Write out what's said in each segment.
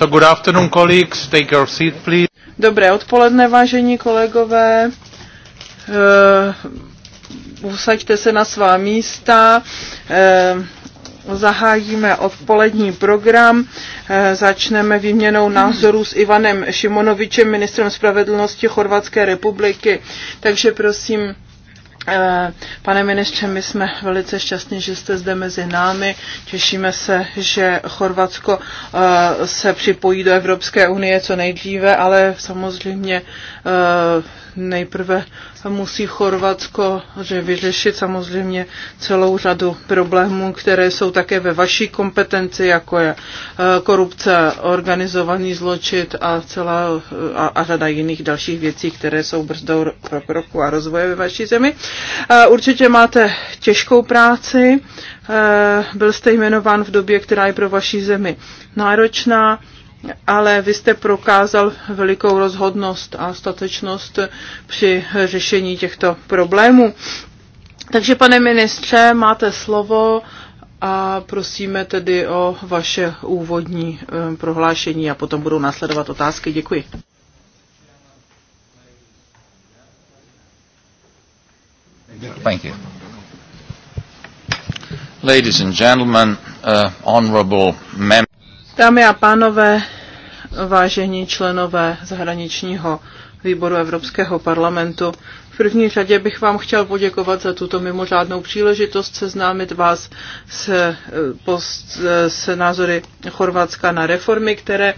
So good afternoon, colleagues. Take your seat, please. Dobré odpoledne, vážení kolegové. Uh, usaďte se na svá místa. Uh, zahájíme odpolední program. Eh, začneme výměnou názorů s Ivanem Šimonovičem, ministrem spravedlnosti Chorvatské republiky. Takže prosím, Eh, pane ministře, my jsme velice šťastní, že jste zde mezi námi. Těšíme se, že Chorvatsko eh, se připojí do Evropské unie co nejdříve, ale samozřejmě eh, nejprve musí Chorvatsko že vyřešit samozřejmě celou řadu problémů, které jsou také ve vaší kompetenci, jako je eh, korupce, organizovaný zločit a celá eh, a, a řada jiných dalších věcí, které jsou brzdou pro kroku a rozvoje ve vaší zemi. Eh, určitě máte těžkou práci, byl jste jmenován v době, která je pro vaší zemi náročná ale vy jste prokázal velikou rozhodnost a statečnost při řešení těchto problémů. Takže, pane ministře, máte slovo a prosíme tedy o vaše úvodní eh, prohlášení a potom budou následovat otázky. Děkuji. Thank you. Ladies and gentlemen, uh, honorable members. Dámy a pánové, vážení členové zahraničního výboru Evropského parlamentu, v první řadě bych vám chtěl poděkovat za tuto mimořádnou příležitost seznámit vás s eh, post, eh, s názory Chorvatska na reformy, které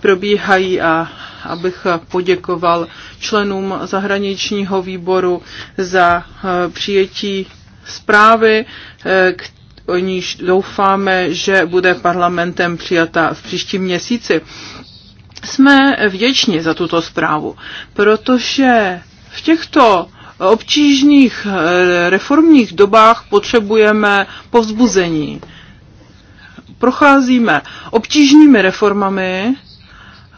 probíhají a abych poděkoval členům zahraničního výboru za eh, přijetí zprávy, které o níž doufáme, že bude parlamentem přijata v příštím měsíci. Jsme vděční za tuto zprávu, protože v těchto obtížných eh, reformních dobách potřebujeme povzbuzení. Procházíme obtížnými reformami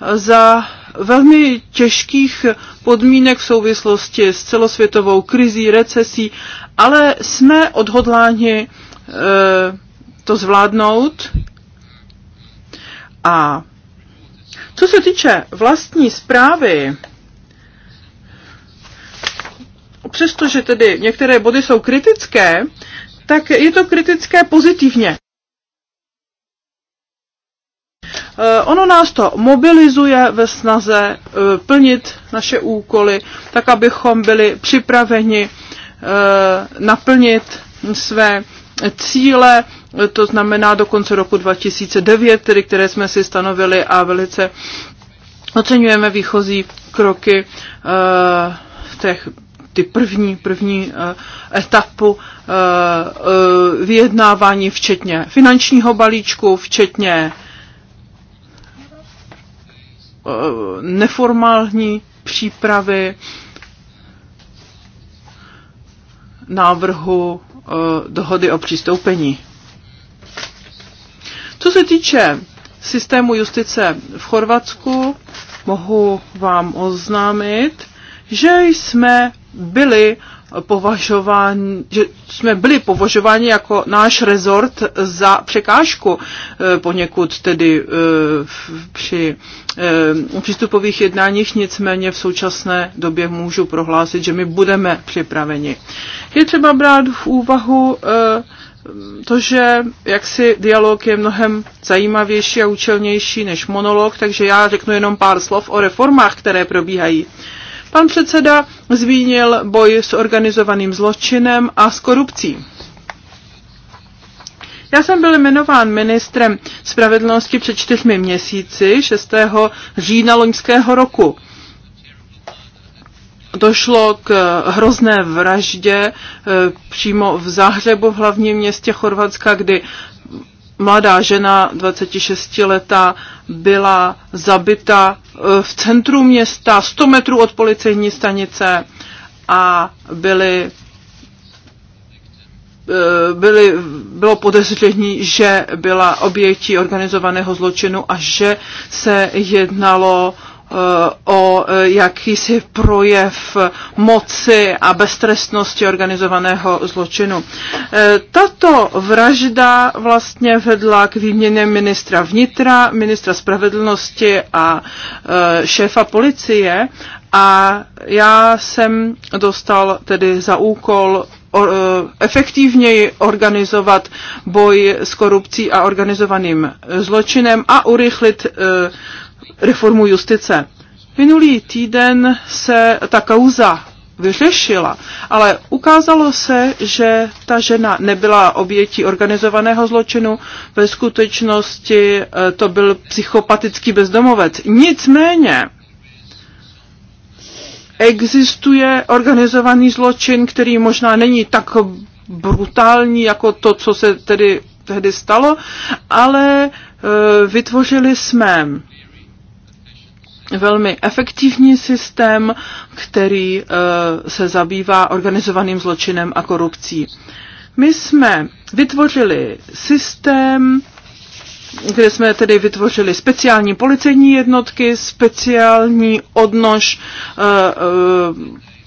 eh, za velmi těžkých podmínek v souvislosti s celosvětovou krizí, recesí, ale jsme odhodláni Eh, to zvládnout. A co se týče vlastní zprávy, přestože tedy některé body jsou kritické, tak je to kritické pozitivně. Eh, ono nás to mobilizuje ve snaze eh, plnit naše úkoly, tak abychom byli připraveni naplnit své cíle, to znamená do konce roku 2009, tedy které jsme si stanovili a velice oceňujeme výchozí kroky uh, těch ty první, první eh, etapu eh, vyjednávání, včetně finančního balíčku, včetně neformální přípravy návrhu dohody o přistoupení. Co se týče systému justice v Chorvatsku, mohu vám oznámit, že jsme byli považován, že jsme byli považováni jako náš rezort za překážku eh, poněkud tedy eh, při eh, přístupových jednáních, nicméně v současné době můžu prohlásit, že my budeme připraveni. Je třeba brát v úvahu to, že jaksi dialog je mnohem zajímavější a účelnější než monolog, takže já řeknu jenom pár slov o reformách, které probíhají. Pan předseda zmínil boj s organizovaným zločinem a s korupcí. Já jsem byl jmenován ministrem spravedlnosti před čtyřmi měsíci, 6. října loňského roku. Došlo k hrozné vraždě eh, přímo v Záhřebu, v hlavním městě Chorvatska, kdy mladá žena, 26 letá, byla zabita e, v centru města, 100 metrů od policejní stanice a byly, e, byly, bylo podezření, že byla obětí organizovaného zločinu a že se jednalo Eh, o eh, jakýsi projev moci a beztrestnosti organizovaného zločinu. Eh, tato vražda vlastně vedla k výměně ministra vnitra, ministra spravedlnosti a šéfa policie a já jsem dostal tedy za úkol efektivněji organizovat boj s korupcí a organizovaným zločinem a urychlit reformu justice. Minulý týden se ta kauza vyřešila, ale ukázalo se, že ta žena nebyla obětí organizovaného zločinu, ve skutečnosti e, to byl psychopatický bezdomovec. Nicméně existuje organizovaný zločin, který možná není tak brutální jako to, co se tedy tehdy stalo, ale e, vytvořili jsme velmi efektivní systém, který eh, se zabývá organizovaným zločinem a korupcí. My jsme vytvořili systém, kde jsme tedy vytvořili speciální policejní jednotky, speciální odnož e, e,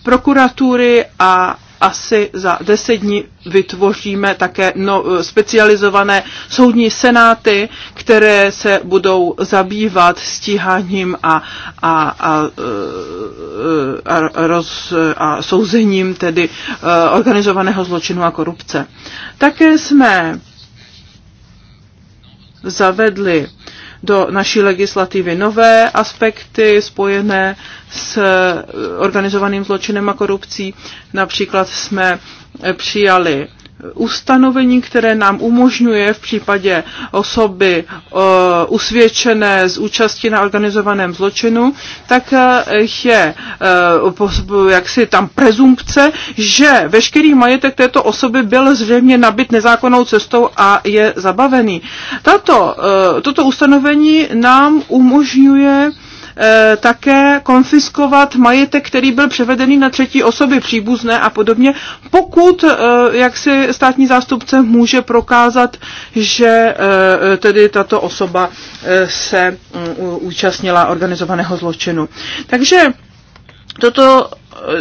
prokuratury a asi za deset dní vytvoříme také no, eh, specializované soudní senáty, které se budou zabývat stíháním a, a, a, eh, a, roz, a souzením tedy eh, organizovaného zločinu a korupce. Také jsme zavedli do naší legislativy nové aspekty spojené s eh, organizovaným zločinem a korupcí. Například jsme eh, přijali ustanovení, které nám umožňuje v případě osoby eh, usvědčené z účasti na organizovaném zločinu, tak eh, je eh, jaksi tam prezumpce, že veškerý majetek této osoby byl zřejmě nabit nezákonnou cestou a je zabavený. Tato, toto ustanovení nám umožňuje Eh, také konfiskovat majetek, který byl převedený na třetí osoby, příbuzné a podobně, pokud eh, jak si státní zástupce může prokázat, že eh, tedy tato osoba se mm, účastnila organizovaného zločinu. Takže toto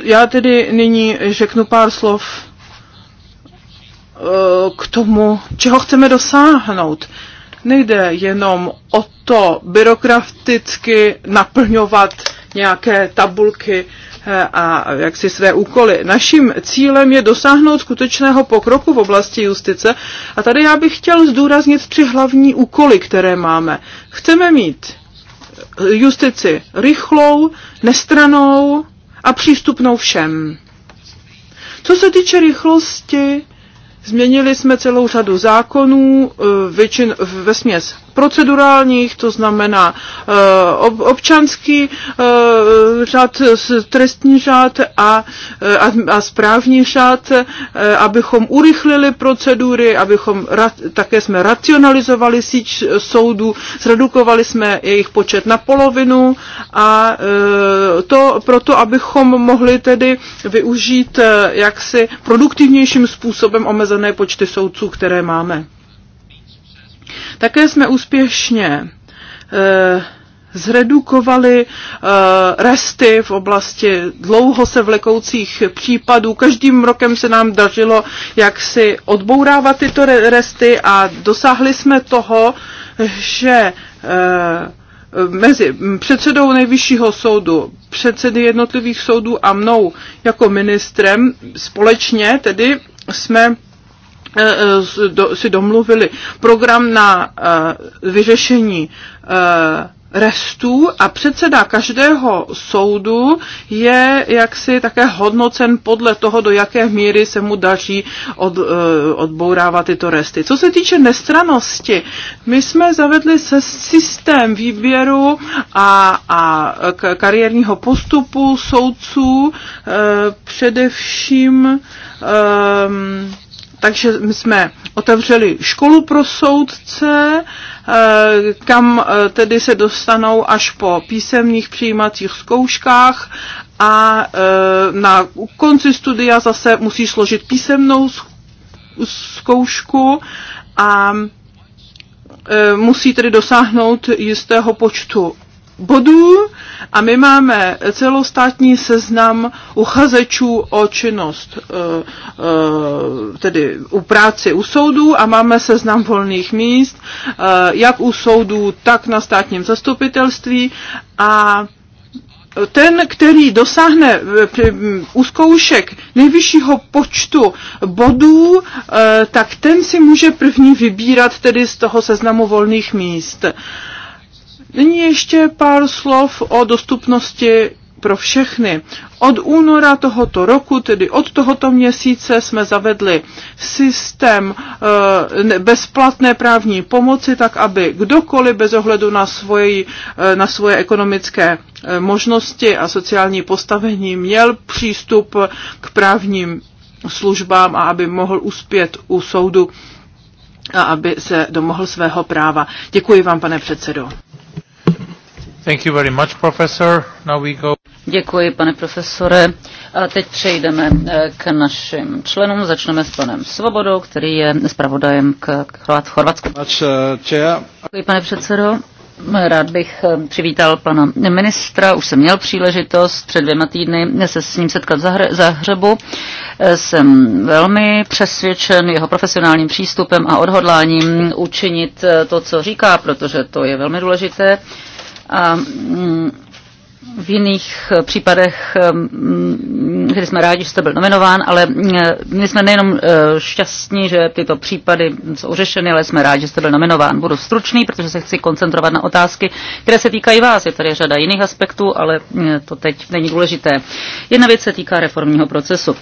já tedy nyní řeknu pár slov k tomu, čeho chceme dosáhnout. Nejde jenom o to byrokraticky naplňovat nějaké tabulky eh, a jaksi své úkoly. Naším cílem je dosáhnout skutečného pokroku v oblasti justice a tady já bych chtěl zdůraznit tři hlavní úkoly, které máme. Chceme mít eh, justici rychlou, nestranou a přístupnou všem. Co se týče rychlosti, Změnili jsme celou řadu zákonů, eh, většin ve směs procedurálních, to znamená eh, občanský eh, řád, trestní řád a, a, a správní řád, abychom urychlili procedury, abychom také jsme racionalizovali síť soudů, zredukovali jsme jejich počet na polovinu a to proto, abychom mohli tedy využít jaksi produktivnějším způsobem omezené omezené počty soudců, které máme. Také jsme úspěšně eh, zredukovali eh, resty v oblasti dlouho se vlekoucích případů. Každým rokem se nám dařilo jak si odbourávat tyto resty a dosáhli jsme toho, že eh, mezi předsedou nejvyššího soudu, předsedy jednotlivých soudů a mnou jako ministrem společně tedy jsme Eh, eh, si domluvili program na eh, vyřešení restů a předseda každého soudu je jaksi také hodnocen podle toho, do jaké míry se mu daří od, odbourávat tyto resty. Co se týče nestranosti, my jsme zavedli se systém výběru a, a kariérního postupu soudců, především ehm, takže my jsme otevřeli školu pro soudce, eh, kam eh, tedy se dostanou až po písemných přijímacích zkouškách a eh, na konci studia zase musí složit písemnou zkoušku a musí tedy dosáhnout jistého počtu bodů a my máme celostátní seznam uchazečů o činnost, eh, eh, tedy u práci u soudů a máme seznam volných míst, eh, jak u soudů, tak na státním zastupitelství a ten, který dosáhne u zkoušek nejvyššího počtu bodů, tak ten si může první vybírat tedy z toho seznamu volných míst. Nyní ještě pár slov o dostupnosti pro všechny. Od února tohoto roku, tedy od tohoto měsíce, jsme zavedli systém eh, bezplatné právní pomoci, tak aby kdokoliv bez ohledu na, svoji, eh, na svoje ekonomické eh, možnosti a sociální postavení měl přístup k právním službám a aby mohl uspět u soudu a aby se domohl svého práva. Děkuji vám, pane předsedo. Thank you very much, professor. Now we go. Děkuji, pane profesore. A teď přejdeme eh, k našim členům. Začneme s panem Svobodou, který je zpravodajem k Chorvatsku. Eh, Děkuji, pane předsedo. Rád bych eh, přivítal pana ministra, už jsem měl příležitost před dvěma týdny se s ním setkat za hřebu. Jsem velmi přesvědčen jeho profesionálním přístupem a odhodláním učinit to, co říká, protože to je velmi důležité a mm, v jiných eh, případech, eh, mm, kdy jsme rádi, že jste byl nominován, ale mm, my jsme nejenom eh, šťastní, že tyto případy jsou řešeny, ale jsme rádi, že jste byl nominován. Budu stručný, protože se chci koncentrovat na otázky, které se týkají vás. Je tady řada jiných aspektů, ale to teď není důležité. Jedna věc se týká reformního procesu.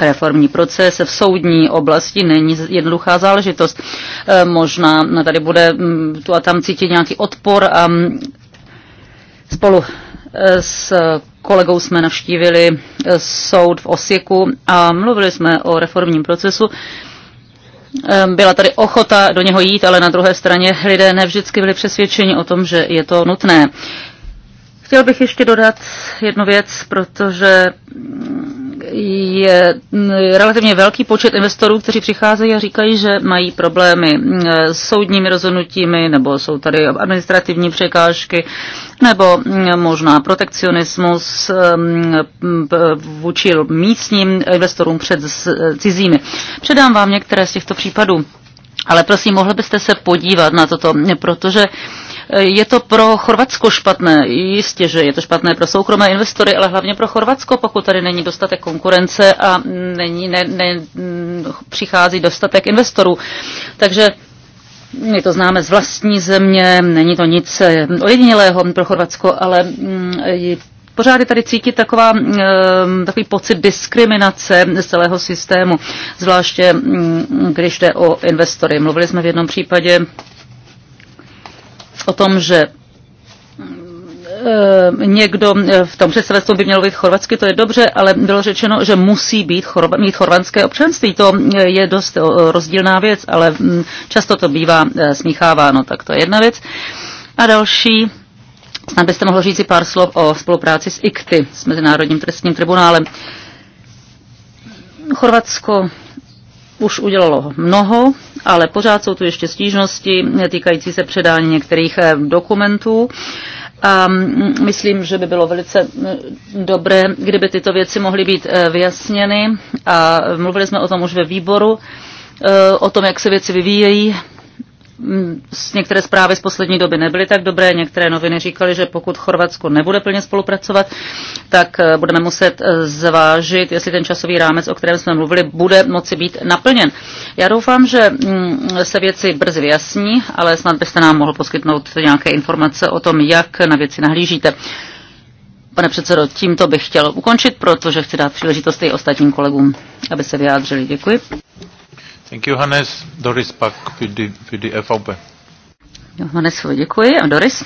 Reformní proces v soudní oblasti není jednoduchá záležitost. Možná tady bude tu a tam cítit nějaký odpor a Spolu eh, s kolegou jsme navštívili eh, soud v Osěku a mluvili jsme o reformním procesu. Eh, byla tady ochota do něho jít, ale na druhé straně lidé nevždycky byli přesvědčeni o tom, že je to nutné. Chtěl bych ještě dodat jednu věc, protože je relativně velký počet investorů, kteří přicházejí a říkají, že mají problémy s soudními rozhodnutími, nebo jsou tady administrativní překážky, nebo možná protekcionismus vůči místním investorům před cizími. Předám vám některé z těchto případů. Ale prosím, mohli byste se podívat na toto, protože Eh, je to pro Chorvatsko špatné, jistě, že je to špatné pro soukromé investory, ale hlavně pro Chorvatsko, pokud tady není dostatek konkurence a není, ne, ne, mm, přichází dostatek investorů. Takže my to známe z vlastní země, není to nic eh, ojedinělého pro Chorvatsko, ale mm, pořád je tady cítit taková, mm, takový pocit diskriminace z celého systému, zvláště když jde o investory. Mluvili jsme v jednom případě o tom, že eh, někdo eh, v tom představenstvu by měl být chorvatsky, to je dobře, ale bylo řečeno, že musí být chorva, mít chorvatské občanství. To eh, je dost rozdílná věc, ale mm, často to bývá smícháváno, tak to je jedna věc. A další, snad byste mohl říct si pár slov o spolupráci s ICTY, s Mezinárodním trestním tribunálem. Chorvatsko už udělalo mnoho, ale pořád jsou tu ještě stížnosti týkající se předání některých eh, dokumentů. A mm, myslím, že by bylo velice eh, dobré, kdyby tyto věci mohly být eh, vyjasněny. A mluvili jsme o tom už ve výboru, o tom, jak se věci vyvíjejí Mm, některé zprávy z poslední doby nebyly tak dobré, některé noviny říkaly, že pokud Chorvatsko nebude plně spolupracovat, tak eh, budeme muset eh, zvážit, jestli ten časový rámec, o kterém jsme mluvili, bude moci být naplněn. Já doufám, že mm, se věci brzy vyjasní, ale snad byste nám mohl poskytnout nějaké informace o tom, jak na věci nahlížíte. Pane předsedo, tímto bych chtěl ukončit, protože chci dát příležitost i ostatním kolegům, aby se vyjádřili. Děkuji. Thank you, Hannes. Doris pak für die, für die FVP. děkuji. A Doris?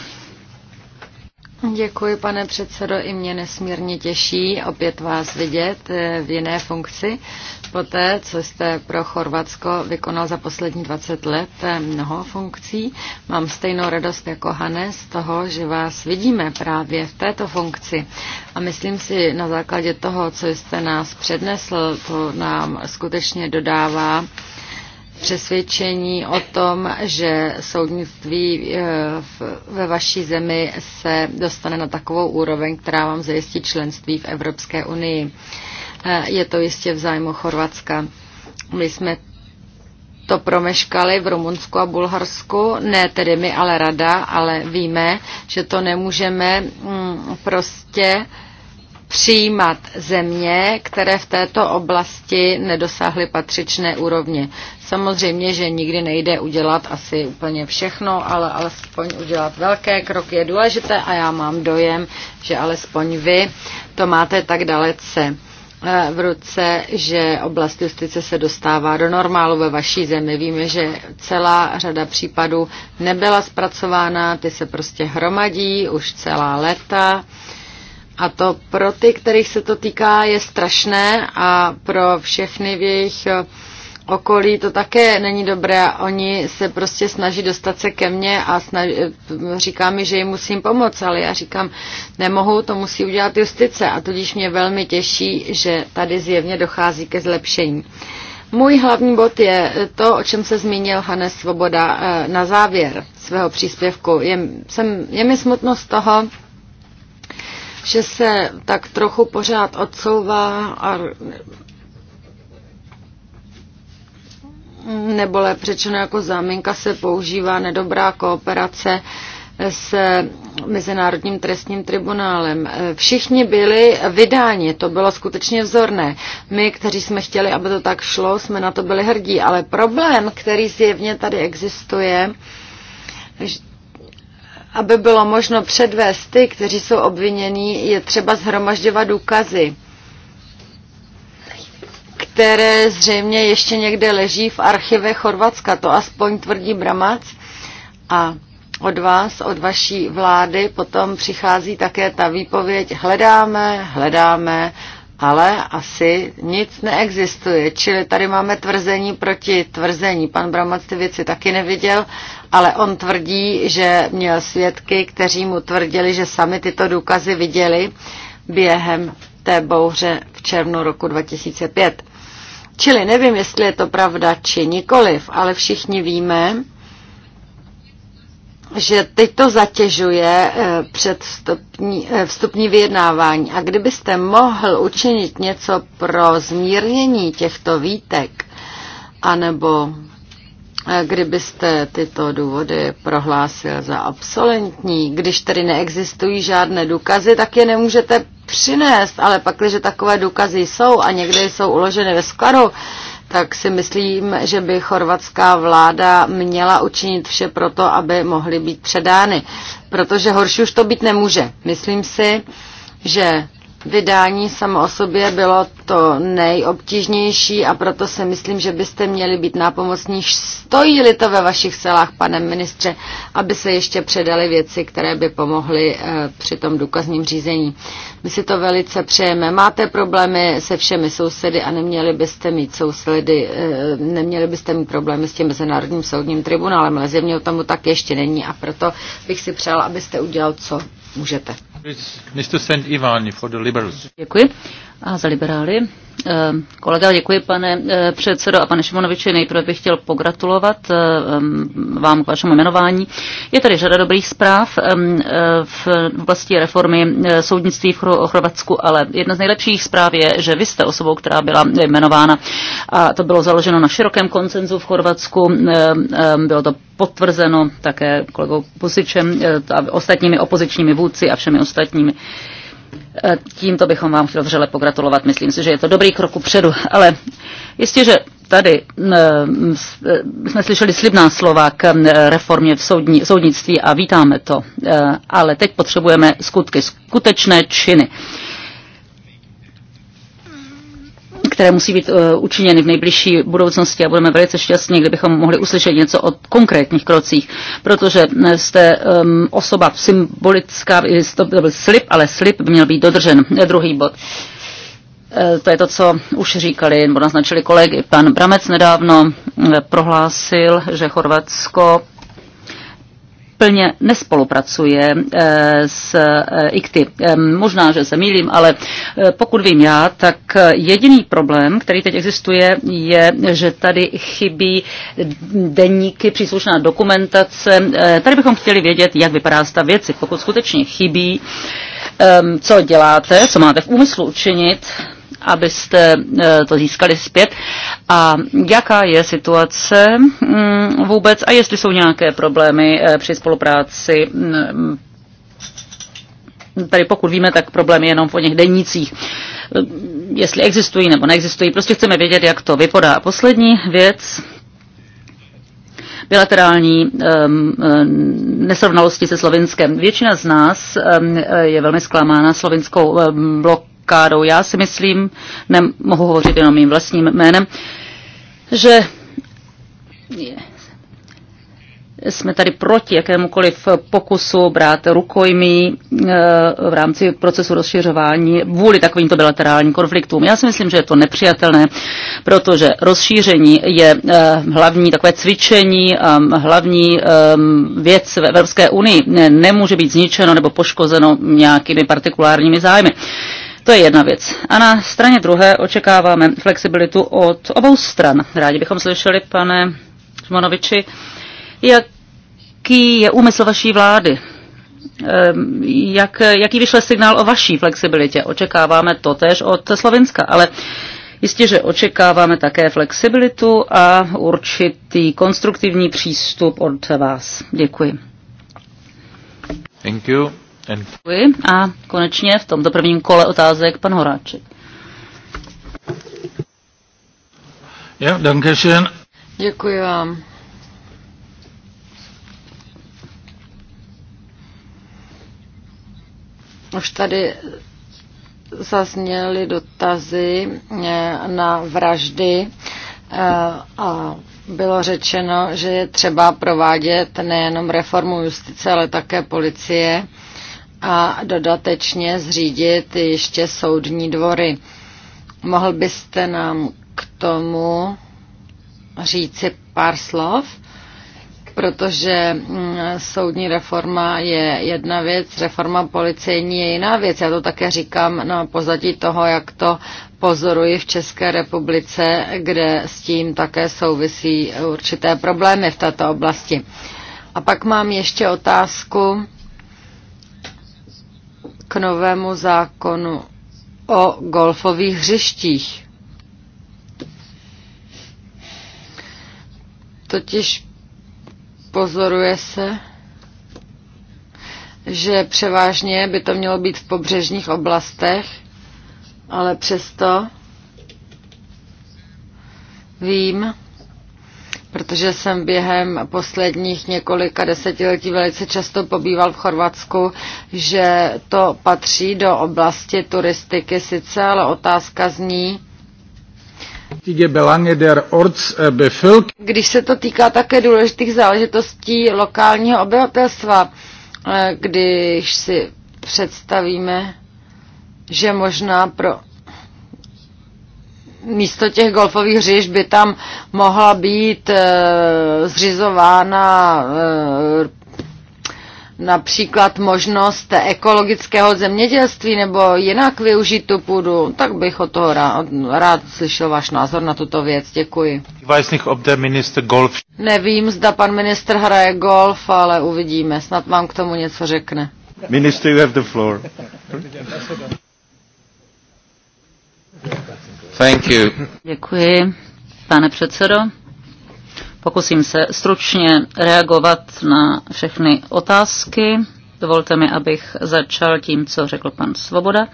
Děkuji, pane předsedo. I mě nesmírně těší opět vás vidět eh, v jiné funkci. Poté, co jste pro Chorvatsko vykonal za poslední 20 let eh, mnoho funkcí, mám stejnou radost jako Hane z toho, že vás vidíme právě v této funkci. A myslím si, na základě toho, co jste nás přednesl, to nám skutečně dodává přesvědčení o tom, že soudnictví eh, ve vaší zemi se dostane na takovou úroveň, která vám zajistí členství v Evropské unii. Eh, je to jistě v zájmu Chorvatska. My jsme to promeškali v Rumunsku a Bulharsku, ne tedy my, ale rada, ale víme, že to nemůžeme mm, prostě přijímat země, které v této oblasti nedosáhly patřičné úrovně. Samozřejmě, že nikdy nejde udělat asi úplně všechno, ale alespoň udělat velké kroky je důležité a já mám dojem, že alespoň vy to máte tak dalece eh, v ruce, že oblast justice se dostává do normálu ve vaší zemi. Víme, že celá řada případů nebyla zpracována, ty se prostě hromadí už celá léta a to pro ty, kterých se to týká, je strašné a pro všechny v jejich eh, okolí to také není dobré. Oni se prostě snaží dostat se ke mně a snaží, eh, říká mi, že jim musím pomoct, ale já říkám, nemohu, to musí udělat justice a tudíž mě velmi těší, že tady zjevně dochází ke zlepšení. Můj hlavní bod je to, o čem se zmínil Hanes Svoboda eh, na závěr svého příspěvku. Je, jsem, je mi smutno z toho, že se tak trochu pořád odsouvá a nebo lépe řečeno jako záminka se používá nedobrá kooperace s Mezinárodním trestním tribunálem. Všichni byli vydáni, to bylo skutečně vzorné. My, kteří jsme chtěli, aby to tak šlo, jsme na to byli hrdí, ale problém, který zjevně tady existuje, aby bylo možno předvést ty, kteří jsou obvinění, je třeba zhromažďovat důkazy, které zřejmě ještě někde leží v archive Chorvatska. To aspoň tvrdí Bramac. A od vás, od vaší vlády, potom přichází také ta výpověď hledáme, hledáme, ale asi nic neexistuje. Čili tady máme tvrzení proti tvrzení. Pan Bramac ty věci taky neviděl, ale on tvrdí, že měl svědky, kteří mu tvrdili, že sami tyto důkazy viděli během té bouře v červnu roku 2005. Čili nevím, jestli je to pravda či nikoliv, ale všichni víme, že teď to zatěžuje eh, předstupní, eh, vstupní vyjednávání. A kdybyste mohl učinit něco pro zmírnění těchto výtek, anebo eh, kdybyste tyto důvody prohlásil za absolventní, když tedy neexistují žádné důkazy, tak je nemůžete přinést, ale pak, když takové důkazy jsou a někde jsou uloženy ve skladu, tak si myslím, že by chorvatská vláda měla učinit vše proto, aby mohly být předány. Protože horší už to být nemůže. Myslím si, že Vydání samo o sobě bylo to nejobtížnější a proto si myslím, že byste měli být nápomocní. Stojí-li to ve vašich selách, pane ministře, aby se ještě předali věci, které by pomohly eh, při tom důkazním řízení. My si to velice přejeme. Máte problémy se všemi sousedy a neměli byste mít sousedy, eh, neměli byste mít problémy s tím mezinárodním soudním tribunálem, ale zjevně o tomu tak ještě není a proto bych si přál, abyste udělal, co můžete. Mr. St. Ivani for the Liberals. Děkuji. A za liberály Eh, kolega, děkuji pane eh, předsedo a pane Šimonoviči. Nejprve bych chtěl pogratulovat eh, vám k vašemu jmenování. Je tady řada dobrých zpráv v oblasti reformy soudnictví v Chorvatsku, ale jedna z nejlepších zpráv je, že vy jste osobou, která byla jmenována a to bylo založeno na širokém koncenzu v Chorvatsku. Bylo to potvrzeno také kolegou Pusičem a ostatními opozičními vůdci a všemi ostatními. Eh, tímto bychom vám chtěl vřele pogratulovat. Myslím si, že je to dobrý krok upředu. Ale jistě, že tady eh, eh, jsme slyšeli slibná slova k reformě v soudní, soudnictví a vítáme to. Ale teď potřebujeme skutky, skutečné činy. které musí být eh, učiněny v nejbližší budoucnosti a budeme velice šťastní, kdybychom mohli uslyšet něco o konkrétních krocích, protože jste ehm, osoba symbolická, to byl slib, ale slib by měl být dodržen. Druhý bod. Eh, to je to, co už říkali nebo naznačili kolegy. Pan Bramec nedávno eh, prohlásil, že Chorvatsko plně nespolupracuje eh, s eh, ICTY. Možná, že se mýlím, ale eh, pokud vím já, tak jediný problém, který teď existuje, je, že tady chybí denníky, příslušná dokumentace. Tady bychom chtěli vědět, jak vypadá stav věci. Pokud skutečně chybí, co děláte, co máte v úmyslu učinit, abyste eh, to získali zpět. A jaká je situace mm, vůbec a jestli jsou nějaké problémy eh, při spolupráci mm, tady pokud víme, tak problém je jenom v o něch dennících eh, jestli existují nebo neexistují. Prostě chceme vědět, jak to vypadá. A poslední věc, bilaterální um, nesrovnalosti se Slovinskem. Většina z nás um, je velmi zklamána slovinskou um, blok blokádou. Já si myslím, nemohu hovořit jenom mým vlastním jménem, že jsme tady proti jakémukoliv pokusu brát rukojmí eh, v rámci procesu rozšiřování vůli takovýmto bilaterálním konfliktům. Já si myslím, že je to nepřijatelné, protože rozšíření je eh, hlavní takové cvičení, a hlavní eh, věc v Evropské unii nemůže být zničeno nebo poškozeno nějakými partikulárními zájmy. To je jedna věc. A na straně druhé očekáváme flexibilitu od obou stran. Rádi bychom slyšeli, pane Šmonoviči, jaký je úmysl vaší vlády ehm, jak, jaký vyšle signál o vaší flexibilitě. Očekáváme to tež od Slovenska, ale jistě, že očekáváme také flexibilitu a určitý konstruktivní přístup od vás. Děkuji. Thank you. Děkuji a konečně v tomto prvním kole otázek pan Horáček. Ja, danke schön. Děkuji vám. Už tady zazněly dotazy eh, na vraždy eh, a bylo řečeno, že je třeba provádět nejenom reformu justice, ale také policie a dodatečně zřídit ještě soudní dvory. Mohl byste nám k tomu říci pár slov? protože mm, soudní reforma je jedna věc, reforma policejní je jiná věc. Já to také říkám na pozadí toho, jak to pozoruji v České republice, kde s tím také souvisí určité problémy v této oblasti. A pak mám ještě otázku k novému zákonu o golfových hřištích. Totiž pozoruje se, že převážně by to mělo být v pobřežních oblastech, ale přesto vím, protože jsem během posledních několika desetiletí velice často pobýval v Chorvatsku, že to patří do oblasti turistiky sice, ale otázka zní, když se to týká také důležitých záležitostí lokálního obyvatelstva, eh, když si představíme, že možná pro místo těch golfových hřiš by tam mohla být e, zřizována e, například možnost ekologického zemědělství nebo jinak využít tu půdu, tak bych o toho rád, rád slyšel váš názor na tuto věc. Děkuji. Golf... Nevím, zda pan ministr hraje golf, ale uvidíme. Snad vám k tomu něco řekne. Minister, you have the floor. Thank you. Děkuji, pane předsedo. Pokusím se stručně reagovat na všechny otázky. Dovolte mi, abych začal tím, co řekl pan Svoboda. Uh,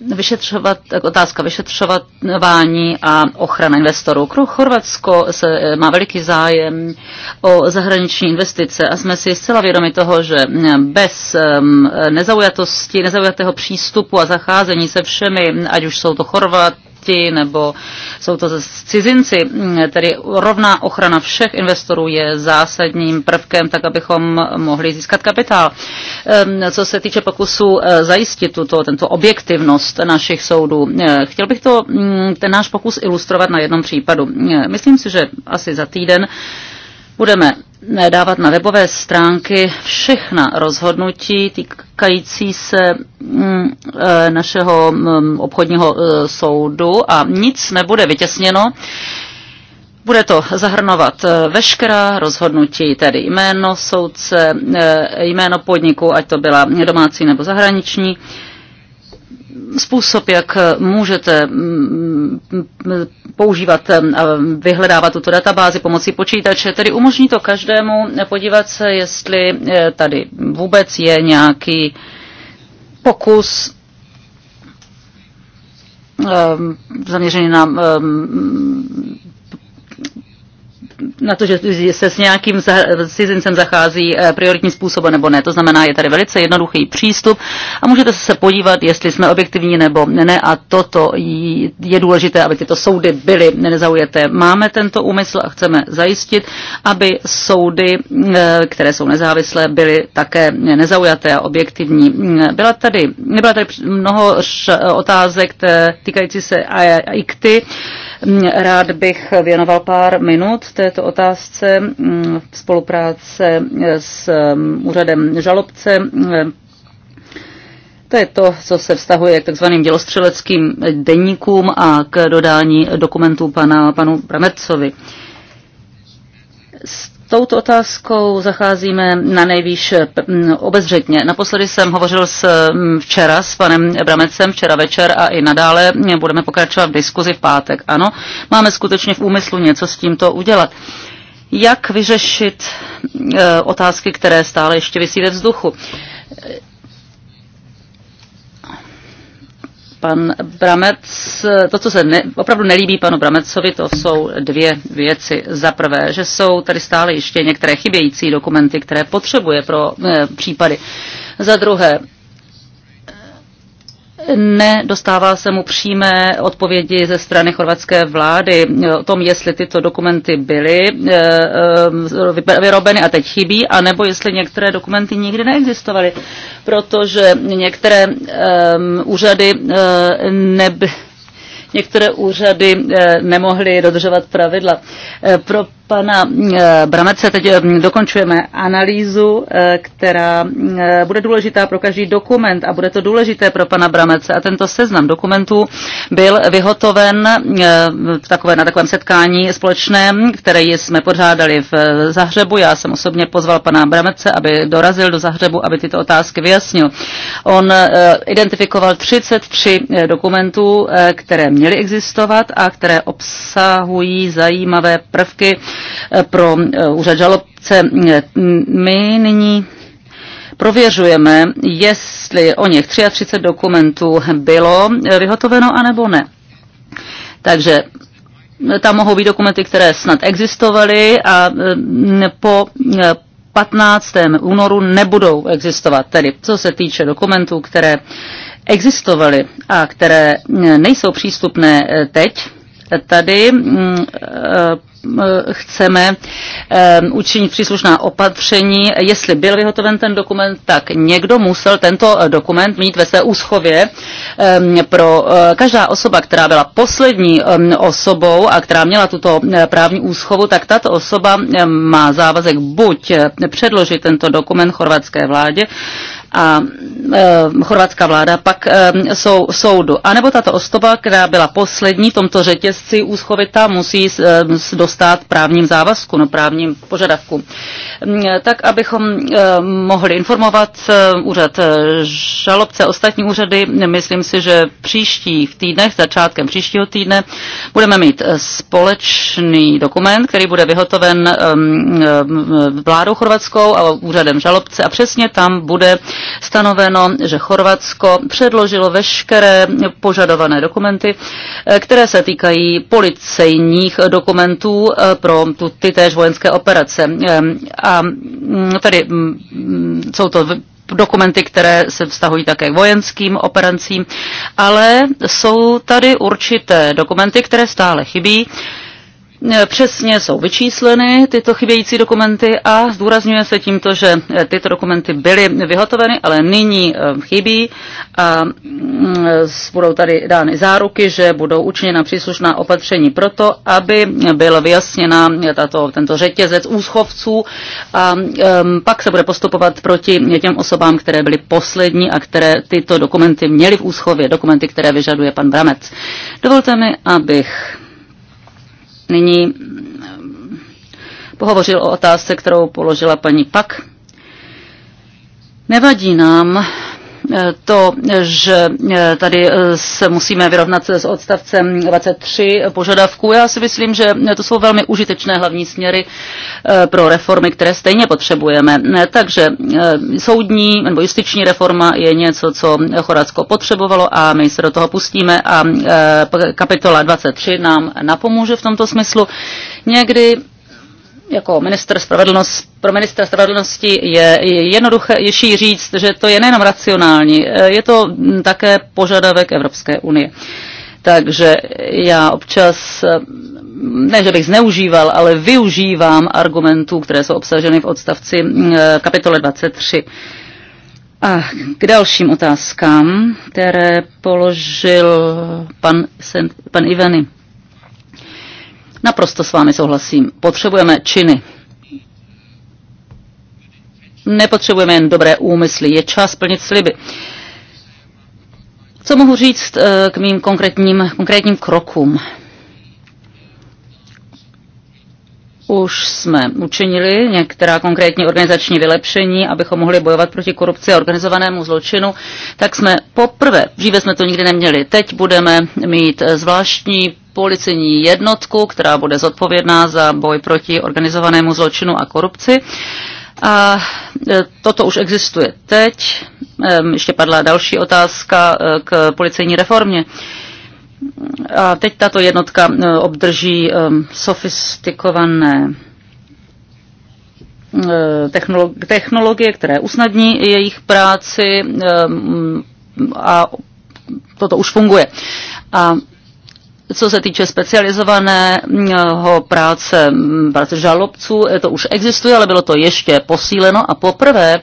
vyšetřovat, otázka vyšetřování a ochrana investorů. Kruh Chorvatsko se, eh, má veliký zájem o zahraniční investice a jsme si zcela vědomi toho, že eh, bez nezaujatosti, nezaujatého přístupu a zacházení se všemi, ať už jsou to Chorvat, klienti nebo jsou to cizinci. Tedy rovná ochrana všech investorů je zásadním prvkem, tak abychom mohli získat kapitál. Ehm, co se týče pokusu eh, zajistit tuto, tento objektivnost našich soudů, eh, chtěl bych to, mm, ten náš pokus ilustrovat na jednom případu. Eh, myslím si, že asi za týden Budeme eh, dávat na webové stránky všechna rozhodnutí týkající se mm, eh, našeho mm, obchodního eh, soudu a nic nebude vytěsněno. Bude to zahrnovat veškerá rozhodnutí, tedy jméno soudce, jméno podniku, ať to byla domácí nebo zahraniční, způsob, jak můžete používat a vyhledávat tuto databázi pomocí počítače, tedy umožní to každému podívat se, jestli eh, tady vůbec je nějaký pokus eh, zaměřený na eh, na to, že se s nějakým cizincem zachází eh, prioritním způsobem nebo ne. To znamená, je tady velice jednoduchý přístup a můžete se podívat, jestli jsme objektivní nebo ne. A toto je důležité, aby tyto soudy byly nezaujeté. Máme tento úmysl a chceme zajistit, aby soudy, eh, které jsou nezávislé, byly také nezaujaté a objektivní. Mm, byla tady, nebyla tady mnoho otázek týkající se ICTY. Mm, rád bych věnoval pár minut této otázce v mm, spolupráce s mm, úřadem žalobce to je to, co se vztahuje k tzv. dělostřeleckým denníkům a k dodání dokumentů pana, panu Bramercovi touto otázkou zacházíme na nejvýš mm, obezřetně. Naposledy jsem hovořil s, mm, včera s panem Bramecem, včera večer a i nadále budeme pokračovat v diskuzi v pátek. Ano, máme skutečně v úmyslu něco s tímto udělat. Jak vyřešit e, otázky, které stále ještě vysí ve vzduchu? pan Bramec, to, co se ne, opravdu nelíbí panu Bramecovi, to jsou dvě věci. Za prvé, že jsou tady stále ještě některé chybějící dokumenty, které potřebuje pro e, případy. Za druhé, nedostává se mu přímé odpovědi ze strany chorvatské vlády o tom, jestli tyto dokumenty byly eh, eh, vyrobeny a teď chybí, anebo jestli některé dokumenty nikdy neexistovaly, protože některé eh, úřady neby, některé úřady nemohly dodržovat pravidla. Pro pana eh, Bramece teď eh, dokončujeme analýzu, eh, která bude důležitá pro každý dokument a bude to důležité pro pana Bramece. A tento seznam dokumentů byl vyhotoven v takové, na takovém setkání společném, které jsme pořádali v Zahřebu. Já jsem osobně pozval pana Bramece, aby dorazil do Zahřebu, aby tyto otázky vyjasnil. On identifikoval 33 dokumentů, které měly existovat a které obsahují zajímavé prvky Eh, pro eh, úřad žalobce. Mm, my nyní prověřujeme, jestli o něch 33 dokumentů bylo eh, vyhotoveno anebo ne. Takže tam mohou být dokumenty, které snad existovaly a po 15. únoru nebudou existovat. Tedy co se týče dokumentů, které existovaly a které nejsou přístupné teď, Tady mm, eh, eh, chceme eh, učinit příslušná opatření. Jestli byl vyhotoven ten dokument, tak někdo musel tento dokument mít ve své úschově. Pro každá osoba, která byla poslední osobou a která měla tuto právní úschovu, tak tato osoba má závazek buď předložit tento dokument chorvatské vládě, a eh, chorvatská vláda pak eh, sou, soudu. A nebo tato osoba, která byla poslední v tomto řetězci úschovita, musí eh, dostat právním závazku, no právním požadavku. Mm, tak, abychom mohli informovat úřad žalobce, ostatní úřady, myslím si, že příští v týdnech, začátkem příštího týdne, budeme mít společný dokument, který bude vyhotoven vládou chorvatskou a úřadem žalobce a přesně tam bude stanoveno, že Chorvatsko předložilo veškeré požadované dokumenty, eh, které se týkají policejních dokumentů eh, pro tu, vojenské operace. A mm, tady mm, jsou to dokumenty, které se vztahují také k vojenským operacím, ale jsou tady určité dokumenty, které stále chybí E, přesně jsou vyčísleny tyto chybějící dokumenty a zdůrazňuje se tímto, že e, tyto dokumenty byly vyhotoveny, ale nyní e, chybí a mm, budou tady dány záruky, že budou učiněna příslušná opatření proto, aby byl vyjasněna tato, tento řetězec úschovců a pak se bude postupovat proti těm osobám, které byly poslední a které tyto dokumenty měly v úschově, dokumenty, které vyžaduje pan Bramec. Dovolte mi, abych nyní mm, pohovořil o otázce, kterou položila paní Pak. Nevadí nám to, že eh, tady eh, se musíme vyrovnat s odstavcem 23 požadavků. Já si myslím, že to jsou velmi užitečné hlavní směry eh, pro reformy, které stejně potřebujeme. Takže soudní nebo justiční reforma je něco, co Chorvatsko potřebovalo a my se do toho pustíme a kapitola 23 nám napomůže v tomto smyslu. Někdy jako minister spravedlnost, pro ministra spravedlnosti je jednoduchější říct, že to je nejenom racionální, eh, je to mm, také požadavek Evropské unie. Takže já občas, eh, ne že bych zneužíval, ale využívám argumentů, které jsou obsaženy v odstavci mm, eh, kapitole 23. A k dalším otázkám, které položil pan, pan Ivany. Naprosto s vámi souhlasím. Potřebujeme činy. Nepotřebujeme jen dobré úmysly. Je čas plnit sliby. Co mohu říct eh, k mým konkrétním, konkrétním krokům? Už jsme učinili některá konkrétní organizační vylepšení, abychom mohli bojovat proti korupci a organizovanému zločinu, tak jsme poprvé, dříve jsme to nikdy neměli, teď budeme mít eh, zvláštní policejní jednotku, která bude zodpovědná za boj proti organizovanému zločinu a korupci. A e, toto už existuje teď. Ještě padla další otázka e, k policejní reformě. A teď tato jednotka e, obdrží sofistikované technologie, které usnadní jejich práci a toto už funguje. A co se týče specializovaného práce, práce žalobců, eh, to už existuje, ale bylo to ještě posíleno a poprvé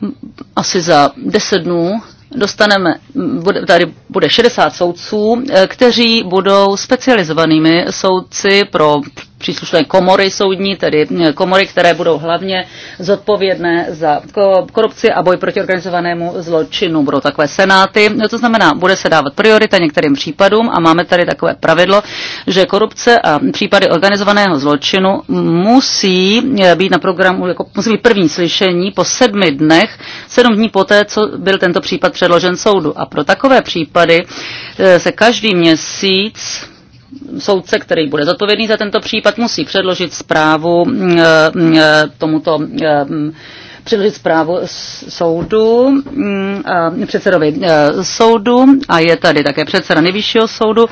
mm, asi za 10 dnů dostaneme, mm, bude, tady bude 60 soudců, eh, kteří budou specializovanými soudci pro příslušné komory soudní, tedy komory, které budou hlavně zodpovědné za korupci a boj proti organizovanému zločinu. Budou takové senáty, no to znamená, bude se dávat priorita některým případům a máme tady takové pravidlo, že korupce a případy organizovaného zločinu musí e, být na programu, jako, musí být první slyšení po sedmi dnech, sedm dní poté, co byl tento případ předložen soudu. A pro takové případy e, se každý měsíc soudce, který bude zodpovědný za tento případ, musí předložit zprávu mm, e, mm, e, tomuto mm, e, předložit zprávu soudu, předsedovi soudu a je tady také předseda nejvyššího soudu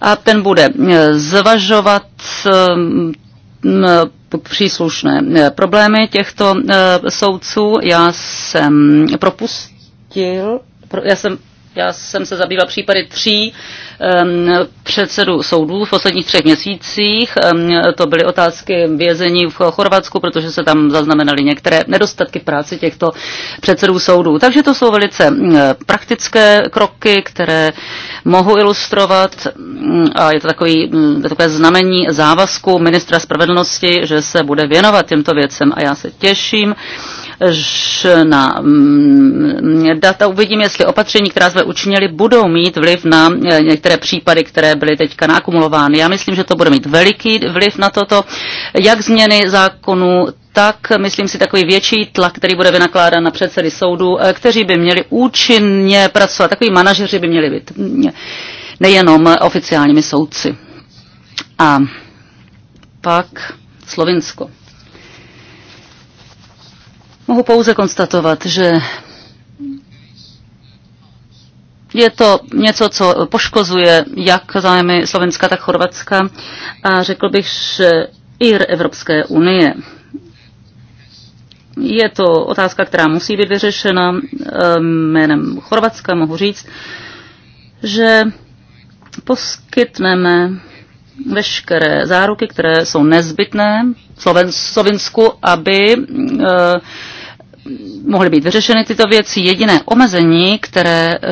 a ten bude zvažovat příslušné problémy těchto soudců. Já jsem propustil, já jsem já jsem se zabýval případy tří um, předsedů soudů v posledních třech měsících. Um, to byly otázky vězení v Chorvatsku, protože se tam zaznamenaly některé nedostatky v práci těchto předsedů soudů. Takže to jsou velice praktické kroky, které mohu ilustrovat a je to takový, takové znamení závazku ministra spravedlnosti, že se bude věnovat těmto věcem a já se těším na mm, data. Uvidím, jestli opatření, která jsme učinili, budou mít vliv na eh, některé případy, které byly teďka nakumulovány. Já myslím, že to bude mít veliký vliv na toto, jak změny zákonů, tak myslím si takový větší tlak, který bude vynakládán na předsedy soudu, eh, kteří by měli účinně pracovat. Takový manažeři by měli být mm, nejenom oficiálními soudci. A pak Slovinsko. Mohu pouze konstatovat, že je to něco, co poškozuje jak zájmy Slovenska, tak Chorvatska a řekl bych, že i Evropské unie. Je to otázka, která musí být vyřešena. Ehm, jménem Chorvatska mohu říct, že poskytneme veškeré záruky, které jsou nezbytné Slovensku, aby eh, mohly být vyřešeny tyto věci. Jediné omezení, které eh,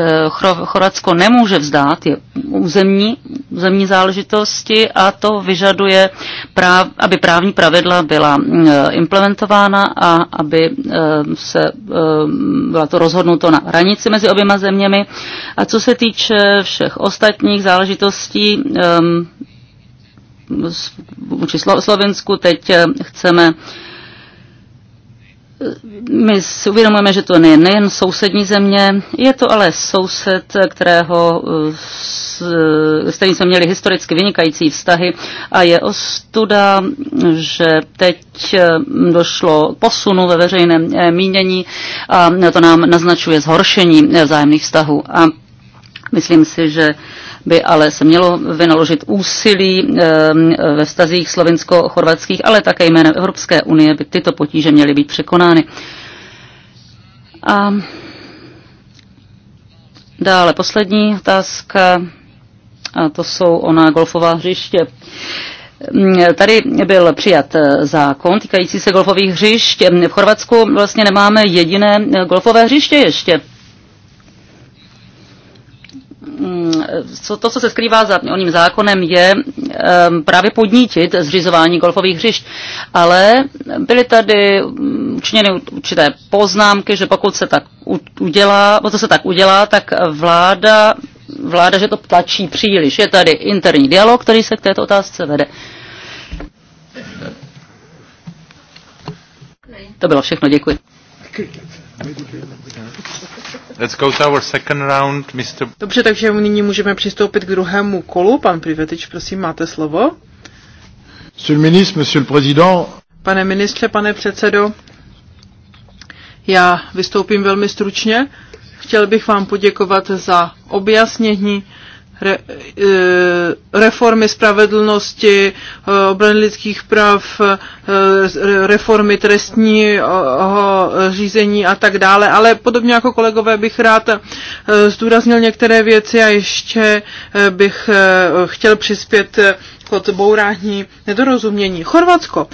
Chorvatsko nemůže vzdát, je územní, územní záležitosti a to vyžaduje, práv, aby právní pravidla byla eh, implementována a aby eh, se byla to rozhodnuto na hranici mezi oběma zeměmi. A co se týče všech ostatních záležitostí, vůči Slovensku teď chceme my si uvědomujeme, že to není nejen sousední země, je to ale soused, kterého, eh, s, s kterým jsme měli historicky vynikající vztahy a je ostuda, že teď eh, došlo k posunu ve veřejném eh, mínění a to nám naznačuje zhoršení vzájemných vztahů. A myslím si, že uh, by ale se mělo vynaložit úsilí eh, ve vztazích slovinsko-chorvatských, ale také jménem Evropské unie by tyto potíže měly být překonány. A dále poslední otázka, a to jsou ona golfová hřiště. Mm, tady byl přijat eh, zákon týkající se golfových hřišť. V Chorvatsku vlastně nemáme jediné eh, golfové hřiště ještě. Mm, to, co se skrývá za oním zákonem, je právě podnítit zřizování golfových hřišť. Ale byly tady mm, učiněny určité poznámky, že pokud se tak udělá, pokud se tak udělá, tak vláda, vláda, že to tlačí příliš. Je tady interní dialog, který se k této otázce vede. To bylo všechno, děkuji. Let's go to our second round, Mr. Dobře, takže nyní můžeme přistoupit k druhému kolu. Pan Privetič, prosím, máte slovo. Monsieur le ministre, monsieur le président. Pane ministře, pane předsedo, já vystoupím velmi stručně. Chtěl bych vám poděkovat za objasnění re, e, reformy spravedlnosti, e, obrany lidských práv, e, reformy trestního řízení a tak dále. Ale podobně jako kolegové bych rád zdůraznil některé věci a ještě bych chtěl přispět k odbourání nedorozumění. Chorvatsko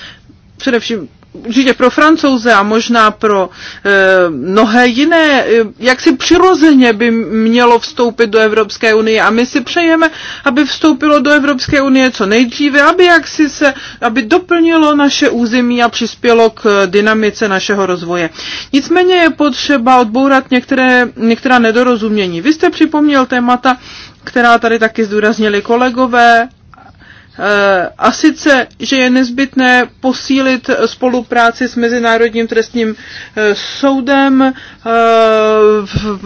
především určitě pro francouze a možná pro e, mnohé jiné, eh, jak si přirozeně by mělo vstoupit do Evropské unie a my si přejeme, aby vstoupilo do Evropské unie co nejdříve, aby jak si se, aby doplnilo naše území a přispělo k eh, dynamice našeho rozvoje. Nicméně je potřeba odbourat některé, některá nedorozumění. Vy jste připomněl témata, která tady taky zdůraznili kolegové, Eh, a sice, že je nezbytné posílit spolupráci s Mezinárodním trestním eh, soudem, eh,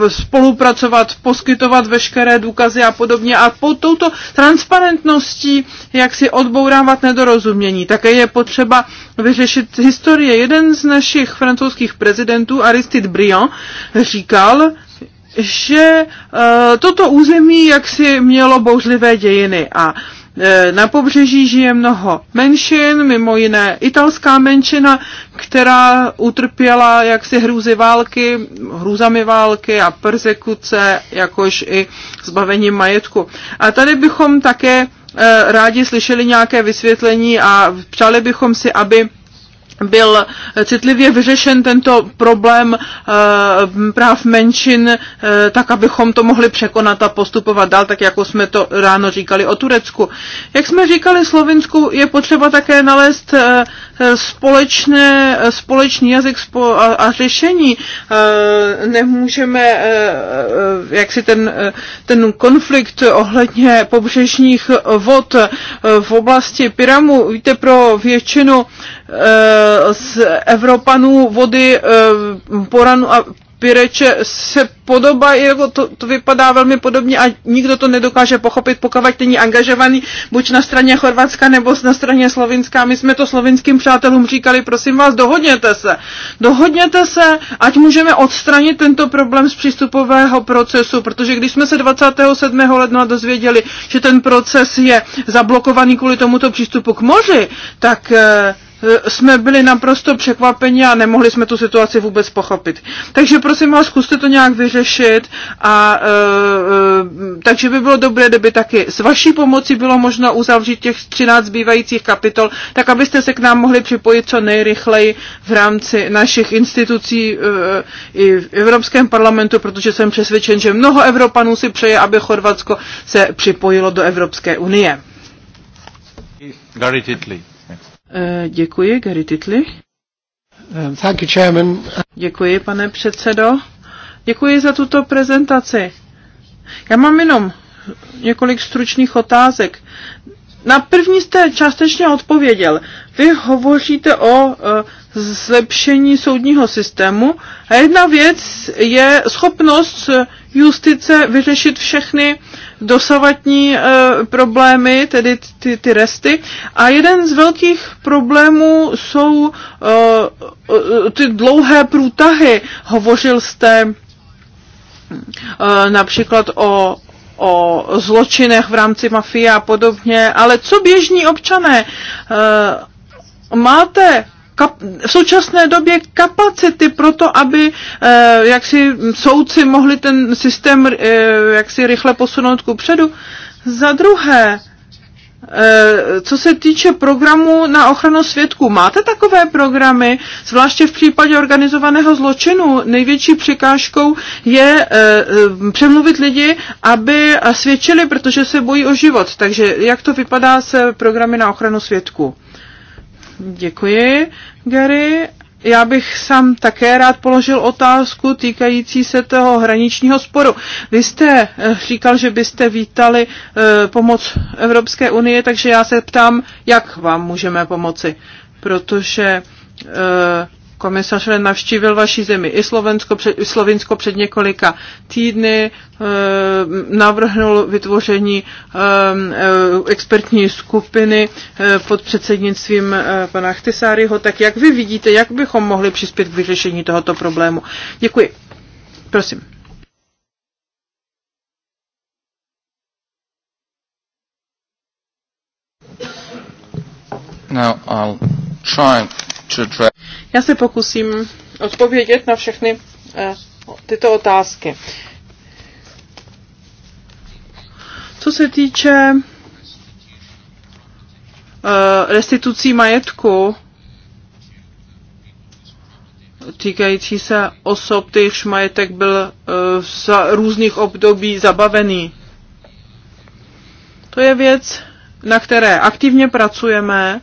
spolupracovat, poskytovat veškeré důkazy a podobně. A pod touto transparentností, jak si odbourávat nedorozumění, také je potřeba vyřešit historie. Jeden z našich francouzských prezidentů, Aristide Briand, říkal, že toto území jaksi mělo bouřlivé dějiny a Eh, na pobřeží žije mnoho menšin, mimo jiné italská menšina, která utrpěla jaksi hrůzy války, hrůzami války a persekuce, jakož i zbavením majetku. A tady bychom také eh, rádi slyšeli nějaké vysvětlení a přáli bychom si, aby byl citlivě vyřešen tento problém eh, práv menšin, eh, tak abychom to mohli překonat a postupovat dál, tak jako jsme to ráno říkali o Turecku. Jak jsme říkali Slovinsku, je potřeba také nalézt eh, společné, společný jazyk a řešení. Nemůžeme, jak si ten, ten konflikt ohledně pobřežních vod v oblasti Piramu, víte, pro většinu Eh, z Evropanů vody eh, poranu a pireče se podobá, jako to, to vypadá velmi podobně a nikdo to nedokáže pochopit, pokud není angažovaný buď na straně Chorvatska nebo na straně Slovinska. My jsme to slovinským přátelům říkali, prosím vás, dohodněte se. Dohodněte se, ať můžeme odstranit tento problém z přístupového procesu, protože když jsme se 27. ledna dozvěděli, že ten proces je zablokovaný kvůli tomuto přístupu k moři, tak eh, E, jsme byli naprosto překvapeni a nemohli jsme tu situaci vůbec pochopit. Takže prosím vás, zkuste to nějak vyřešit a e, e takže by bylo dobré, kdyby taky s vaší pomocí bylo možno uzavřít těch 13 zbývajících kapitol, tak abyste se k nám mohli připojit co nejrychleji v rámci našich institucí e, i v Evropském parlamentu, protože jsem přesvědčen, že mnoho Evropanů si přeje, aby Chorvatsko se připojilo do Evropské unie. Gary Eh, děkuji, Gary Titli. Um, thank you, Chairman. Děkuji, pane předsedo. Děkuji za tuto prezentaci. Já mám jenom několik stručných otázek. Na první jste částečně odpověděl. Vy hovoříte o eh, zlepšení soudního systému a jedna věc je schopnost justice vyřešit všechny dosavatní e, eh, problémy, tedy ty, ty resty. A jeden z velkých problémů jsou e, ty dlouhé průtahy. Hovořil jste e, například o o zločinech v rámci mafie a podobně, ale co běžní občané? E, máte v současné době kapacity pro to, aby eh, jak jaksi soudci mohli ten systém eh, jak jaksi rychle posunout ku předu. Za druhé, eh, co se týče programu na ochranu svědků, máte takové programy, zvláště v případě organizovaného zločinu? Největší překážkou je přemluvit lidi, aby svědčili, protože se bojí o život. Takže jak to vypadá se programy na ochranu svědků? Děkuji, Gary. Já bych sám také rád položil otázku týkající se toho hraničního sporu. Vy jste eh, říkal, že byste vítali eh, pomoc Evropské unie, takže já se ptám, jak vám můžeme pomoci, protože eh, komisař navštívil vaší zemi i Slovensko před, i Slovinsko před několika týdny, eh, navrhnul vytvoření eh, eh, expertní skupiny pod předsednictvím pana Chtysáryho. Tak jak vy vidíte, jak bychom mohli přispět k vyřešení tohoto problému? Děkuji. Prosím. Now I'll try já se pokusím odpovědět na všechny eh, tyto otázky. Co se týče eh, restitucí majetku týkající se osob, jejichž majetek byl v eh, různých období zabavený. To je věc, na které aktivně pracujeme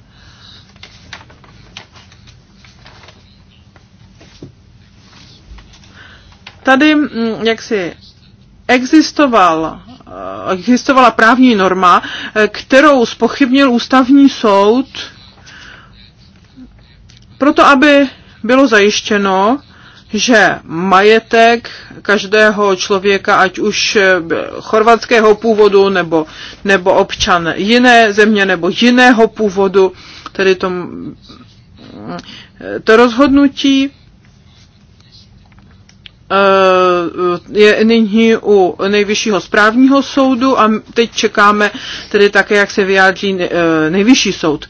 Tady mm, jaksi existoval, eh, existovala právní norma, eh, kterou spochybnil ústavní soud proto, aby bylo zajištěno, že majetek každého člověka, ať už eh, chorvatského původu nebo, nebo občan jiné země nebo jiného původu, tedy tom mm, to rozhodnutí Eh, je nyní u nejvyššího správního soudu a teď čekáme tedy také, jak se vyjádří eh, nejvyšší soud.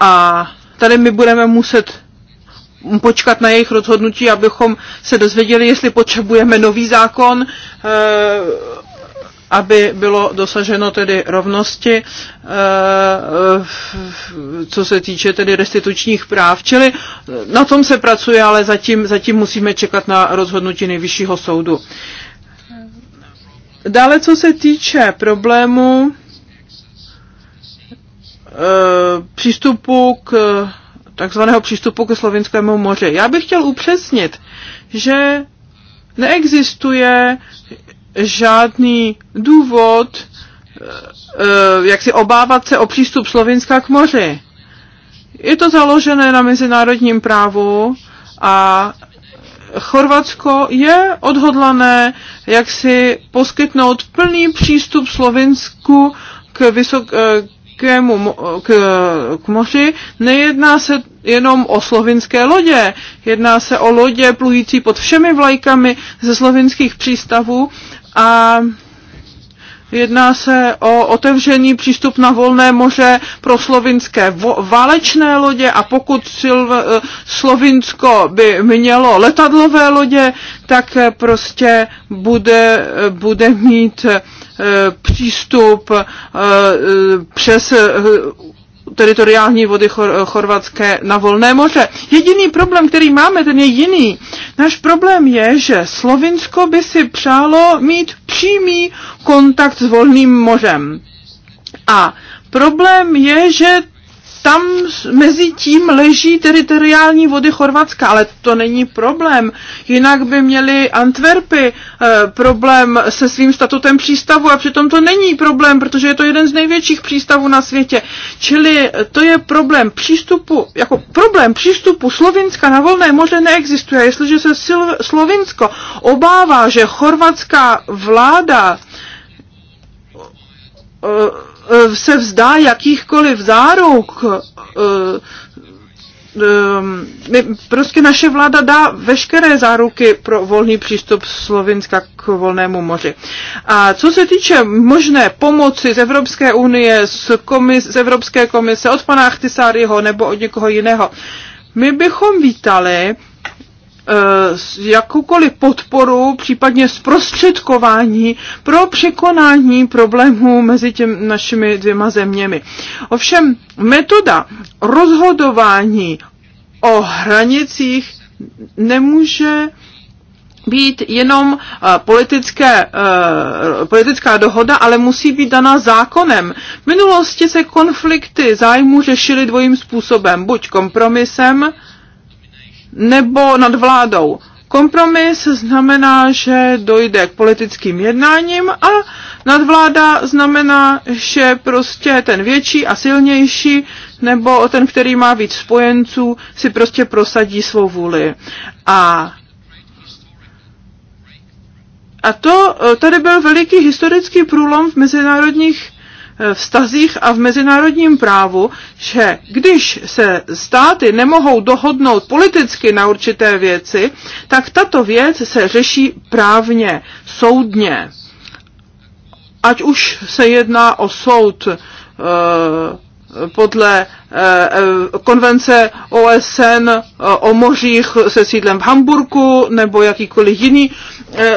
A tady my budeme muset počkat na jejich rozhodnutí, abychom se dozvěděli, jestli potřebujeme nový zákon eh, aby bylo dosaženo tedy rovnosti, eh, co se týče tedy restitučních práv. Čili na tom se pracuje, ale zatím, zatím musíme čekat na rozhodnutí nejvyššího soudu. Dále, co se týče problému eh, přístupu k takzvaného přístupu ke slovinskému moři. Já bych chtěl upřesnit, že neexistuje žádný důvod, eh, eh, jak si obávat se o přístup Slovinska k moři. Je to založené na mezinárodním právu a Chorvatsko je odhodlané, jak si poskytnout plný přístup Slovinsku k, vysok, eh, k, k moři, nejedná se jenom o slovinské lodě, jedná se o lodě plující pod všemi vlajkami ze slovinských přístavů a Jedná se o otevřený přístup na volné moře pro slovinské válečné lodě a pokud Silv- eh, Slovinsko by mělo letadlové lodě, tak eh, prostě bude, eh, bude mít přístup přes teritoriální vody chor- chorvatské na volné moře. Jediný problém, který máme, ten je jiný. Náš problém je, že Slovinsko by si přálo mít přímý kontakt s volným mořem. A problém je, že tam mezi tím leží teritoriální vody Chorvatska, ale to není problém. Jinak by měli Antwerpy e, problém se svým statutem přístavu a přitom to není problém, protože je to jeden z největších přístavů na světě. Čili eh, to je problém přístupu, jako problém přístupu Slovinska na volné moře neexistuje. Jestliže se Sil- Slovinsko obává, že chorvatská vláda e, E, se vzdá jakýchkoliv záruk, e, e, my, prostě naše vláda dá veškeré záruky pro volný přístup Slovinska k volnému moři. A co se týče možné pomoci z Evropské unie, z, komis, z Evropské komise, od pana Achtisáryho nebo od někoho jiného, my bychom vítali, E, jakoukoliv podporu, případně zprostředkování pro překonání problémů mezi těm našimi dvěma zeměmi. Ovšem metoda rozhodování o hranicích nemůže být jenom e, politické, e, politická dohoda, ale musí být daná zákonem. V minulosti se konflikty zájmu řešily dvojím způsobem, buď kompromisem, nebo nad vládou. Kompromis znamená, že dojde k politickým jednáním a nadvláda znamená, že prostě ten větší a silnější nebo ten, který má víc spojenců, si prostě prosadí svou vůli. A a to, eh, tady byl veliký historický průlom v mezinárodních Eh, vztazích a v mezinárodním právu, že když se státy nemohou dohodnout politicky na určité věci, tak tato věc se řeší právně, soudně. Ať už se jedná o soud eh, podle Eh, eh, konvence OSN eh, o mořích se sídlem v Hamburgu nebo jakýkoliv jiný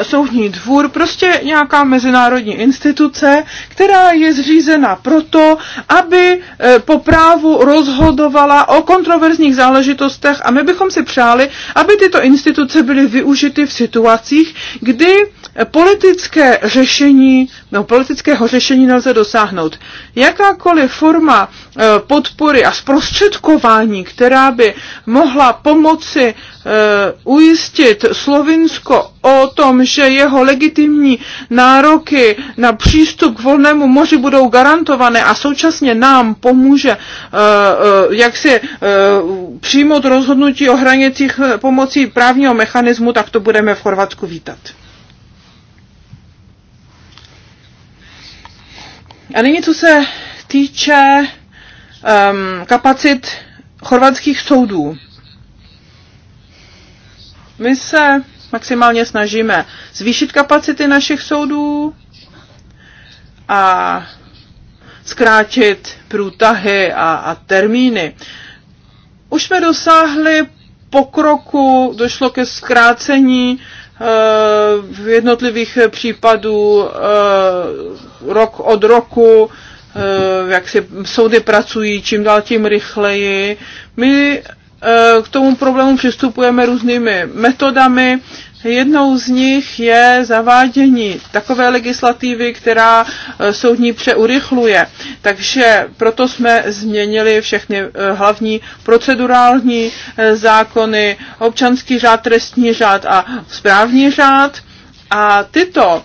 soudní dvůr, prostě nějaká mezinárodní instituce, která je zřízena proto, aby po právu rozhodovala o kontroverzních záležitostech a my bychom si přáli, aby tyto instituce byly využity v situacích, kdy politické řešení, no politického řešení nelze dosáhnout. Jakákoliv forma podpory a zprostředkování, která by mohla pomoci e, ujistit Slovinsko o tom, že jeho legitimní nároky na přístup k volnému moři budou garantované a současně nám pomůže e, e jak si e, přijmout rozhodnutí o hranicích e, pomocí právního mechanismu, tak to budeme v Chorvatsku vítat. A nyní, co se týče Ehm, kapacit chorvatských soudů. My se maximálně snažíme zvýšit kapacity našich soudů a zkrátit průtahy a, a termíny. Už jsme dosáhli pokroku, došlo ke zkrácení eh, v jednotlivých případů eh, rok od roku Eh, jak si soudy pracují čím dál tím rychleji. My eh, k tomu problému přistupujeme různými metodami. Jednou z nich je zavádění takové legislativy, která eh, soudní přeurychluje. Takže proto jsme změnili všechny hlavní procedurální zákony, občanský řád, trestní řád a správní řád. A tyto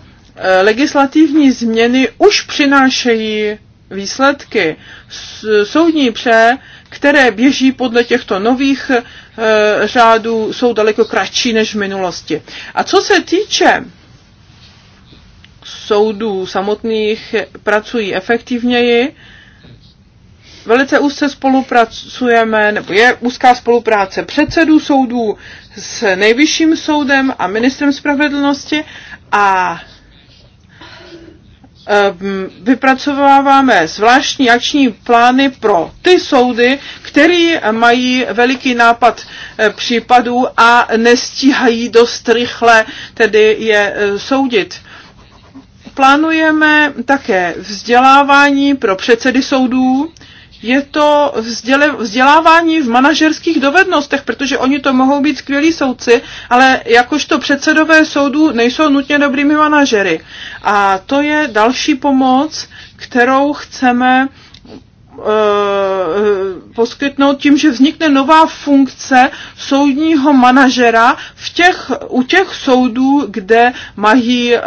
legislativní změny už přinášejí výsledky. Soudní pře, které běží podle těchto nových e, řádů, jsou daleko kratší než v minulosti. A co se týče soudů samotných, pracují efektivněji, velice úzce spolupracujeme, nebo je úzká spolupráce předsedů soudů s nejvyšším soudem a ministrem spravedlnosti a Ehm, vypracováváme zvláštní akční plány pro ty soudy, které mají veliký nápad eh, případů a nestíhají dost rychle tedy je eh, soudit. Plánujeme také vzdělávání pro předsedy soudů, je to vzdělávání v manažerských dovednostech, protože oni to mohou být skvělí soudci, ale jakožto předsedové soudů nejsou nutně dobrými manažery. A to je další pomoc, kterou chceme Eh, poskytnout tím, že vznikne nová funkce soudního manažera v těch, u těch soudů, kde mají e, e,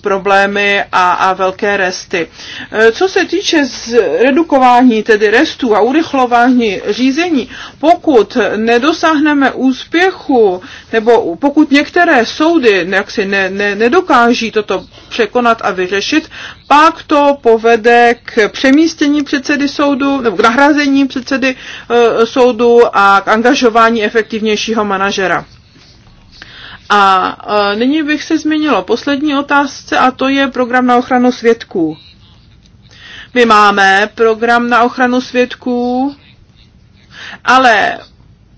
problémy a, a velké resty. E, co se týče zredukování tedy restů a urychlování řízení, pokud nedosáhneme úspěchu, nebo pokud některé soudy jaksi ne, ne, nedokáží toto překonat a vyřešit, pak to povede k přemístění nahrazení předsedy soudu, nebo k nahrazení předsedy uh, soudu a k angažování efektivnějšího manažera. A uh, nyní bych se zmínila poslední otázce a to je program na ochranu svědků. My máme program na ochranu svědků, ale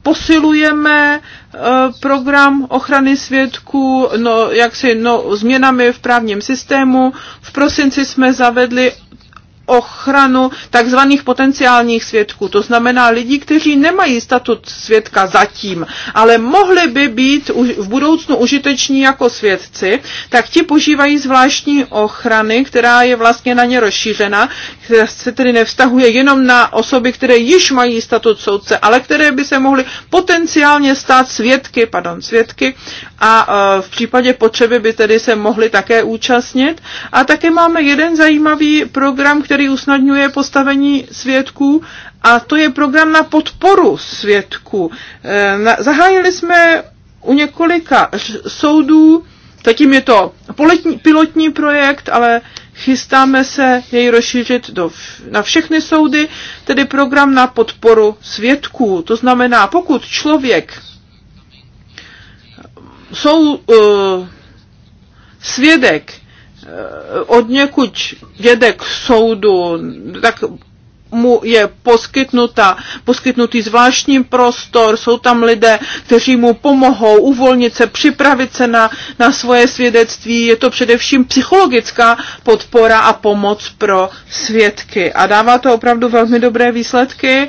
posilujeme eh, program ochrany svědků no, jaksi, no, změnami v právním systému. V prosinci jsme zavedli ochranu takzvaných potenciálních svědků, to znamená lidí, kteří nemají statut svědka zatím, ale mohli by být v budoucnu užiteční jako svědci, tak ti požívají zvláštní ochrany, která je vlastně na ně rozšířena, která se tedy nevztahuje jenom na osoby, které již mají statut soudce, ale které by se mohly potenciálně stát svědky, pardon, svědky a e, v případě potřeby by tedy se mohly také účastnit. A také máme jeden zajímavý program, který který usnadňuje postavení svědků a to je program na podporu svědků. Eh, zahájili jsme u několika soudů, zatím je to poletní, pilotní projekt, ale chystáme se jej rozšířit do, na všechny soudy, tedy program na podporu svědků. To znamená, pokud člověk jsou uh, svědek, Eh, od někud jede k soudu, tak mu je poskytnuta, poskytnutý zvláštní prostor, jsou tam lidé, kteří mu pomohou uvolnit se, připravit se na, na svoje svědectví. Je to především psychologická podpora a pomoc pro svědky. A dává to opravdu velmi dobré výsledky. E,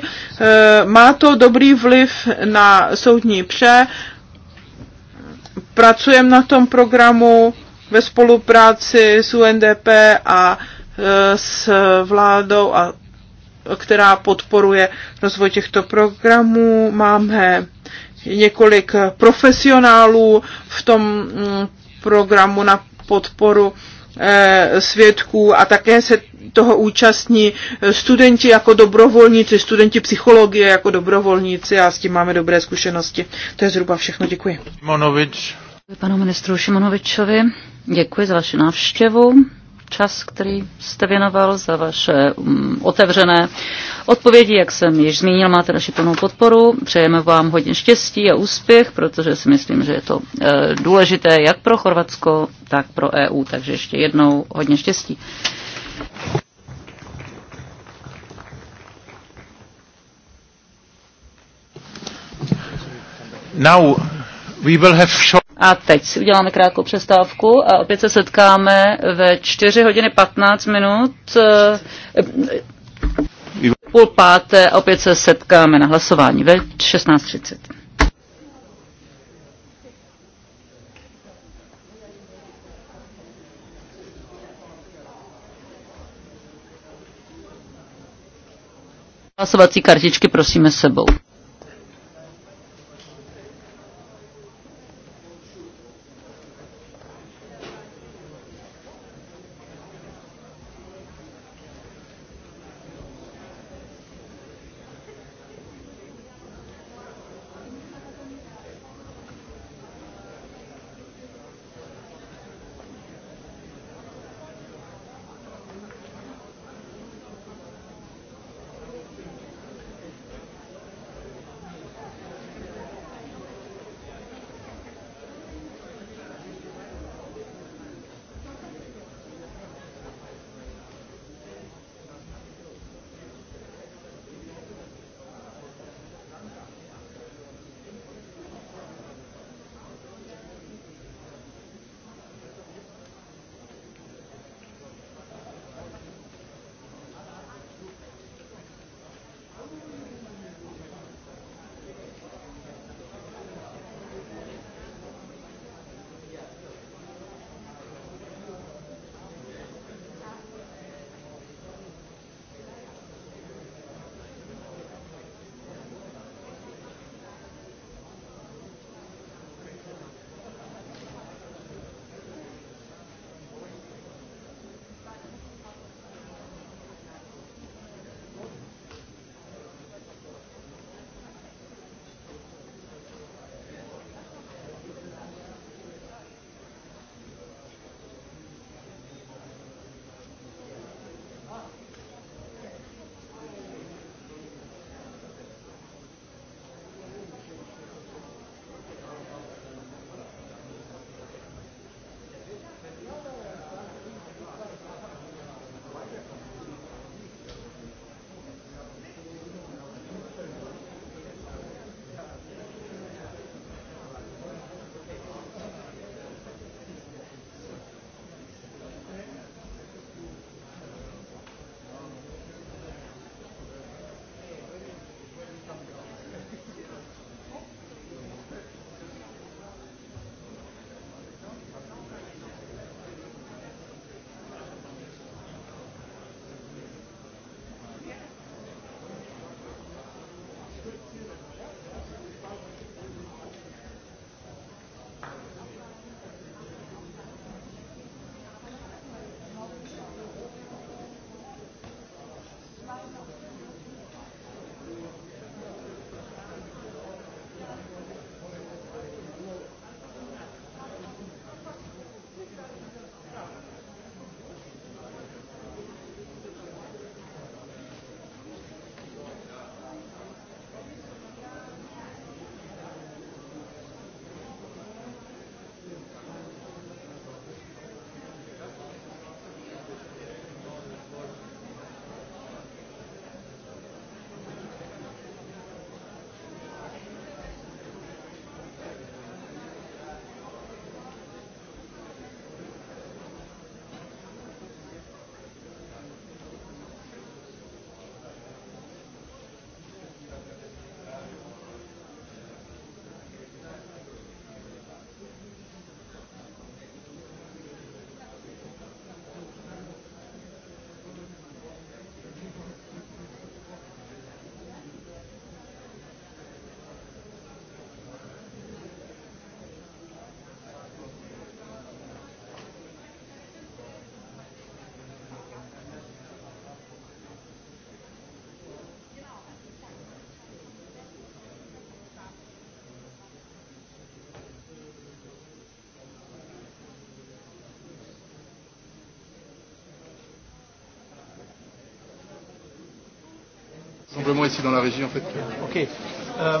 má to dobrý vliv na soudní pře. Pracujeme na tom programu ve spolupráci s UNDP a e, s vládou, a, která podporuje rozvoj těchto programů. Máme několik profesionálů v tom mm, programu na podporu e, svědků a také se toho účastní studenti jako dobrovolníci, studenti psychologie jako dobrovolníci a s tím máme dobré zkušenosti. To je zhruba všechno. Děkuji. Monovič. Panu ministru Šimonovičovi děkuji za vaši návštěvu čas, který jste věnoval, za vaše um, otevřené odpovědi. Jak jsem již zmínil, máte naši plnou podporu. Přejeme vám hodně štěstí a úspěch, protože si myslím, že je to e, důležité jak pro Chorvatsko, tak pro EU. Takže ještě jednou hodně štěstí. Now we will have short a teď si uděláme krátkou přestávku a opět se setkáme ve 4 hodiny 15 minut. Eh, půl páté a opět se setkáme na hlasování ve 16.30. Hlasovací kartičky prosíme sebou. Simplement ici dans la région en fait. Ok. Euh,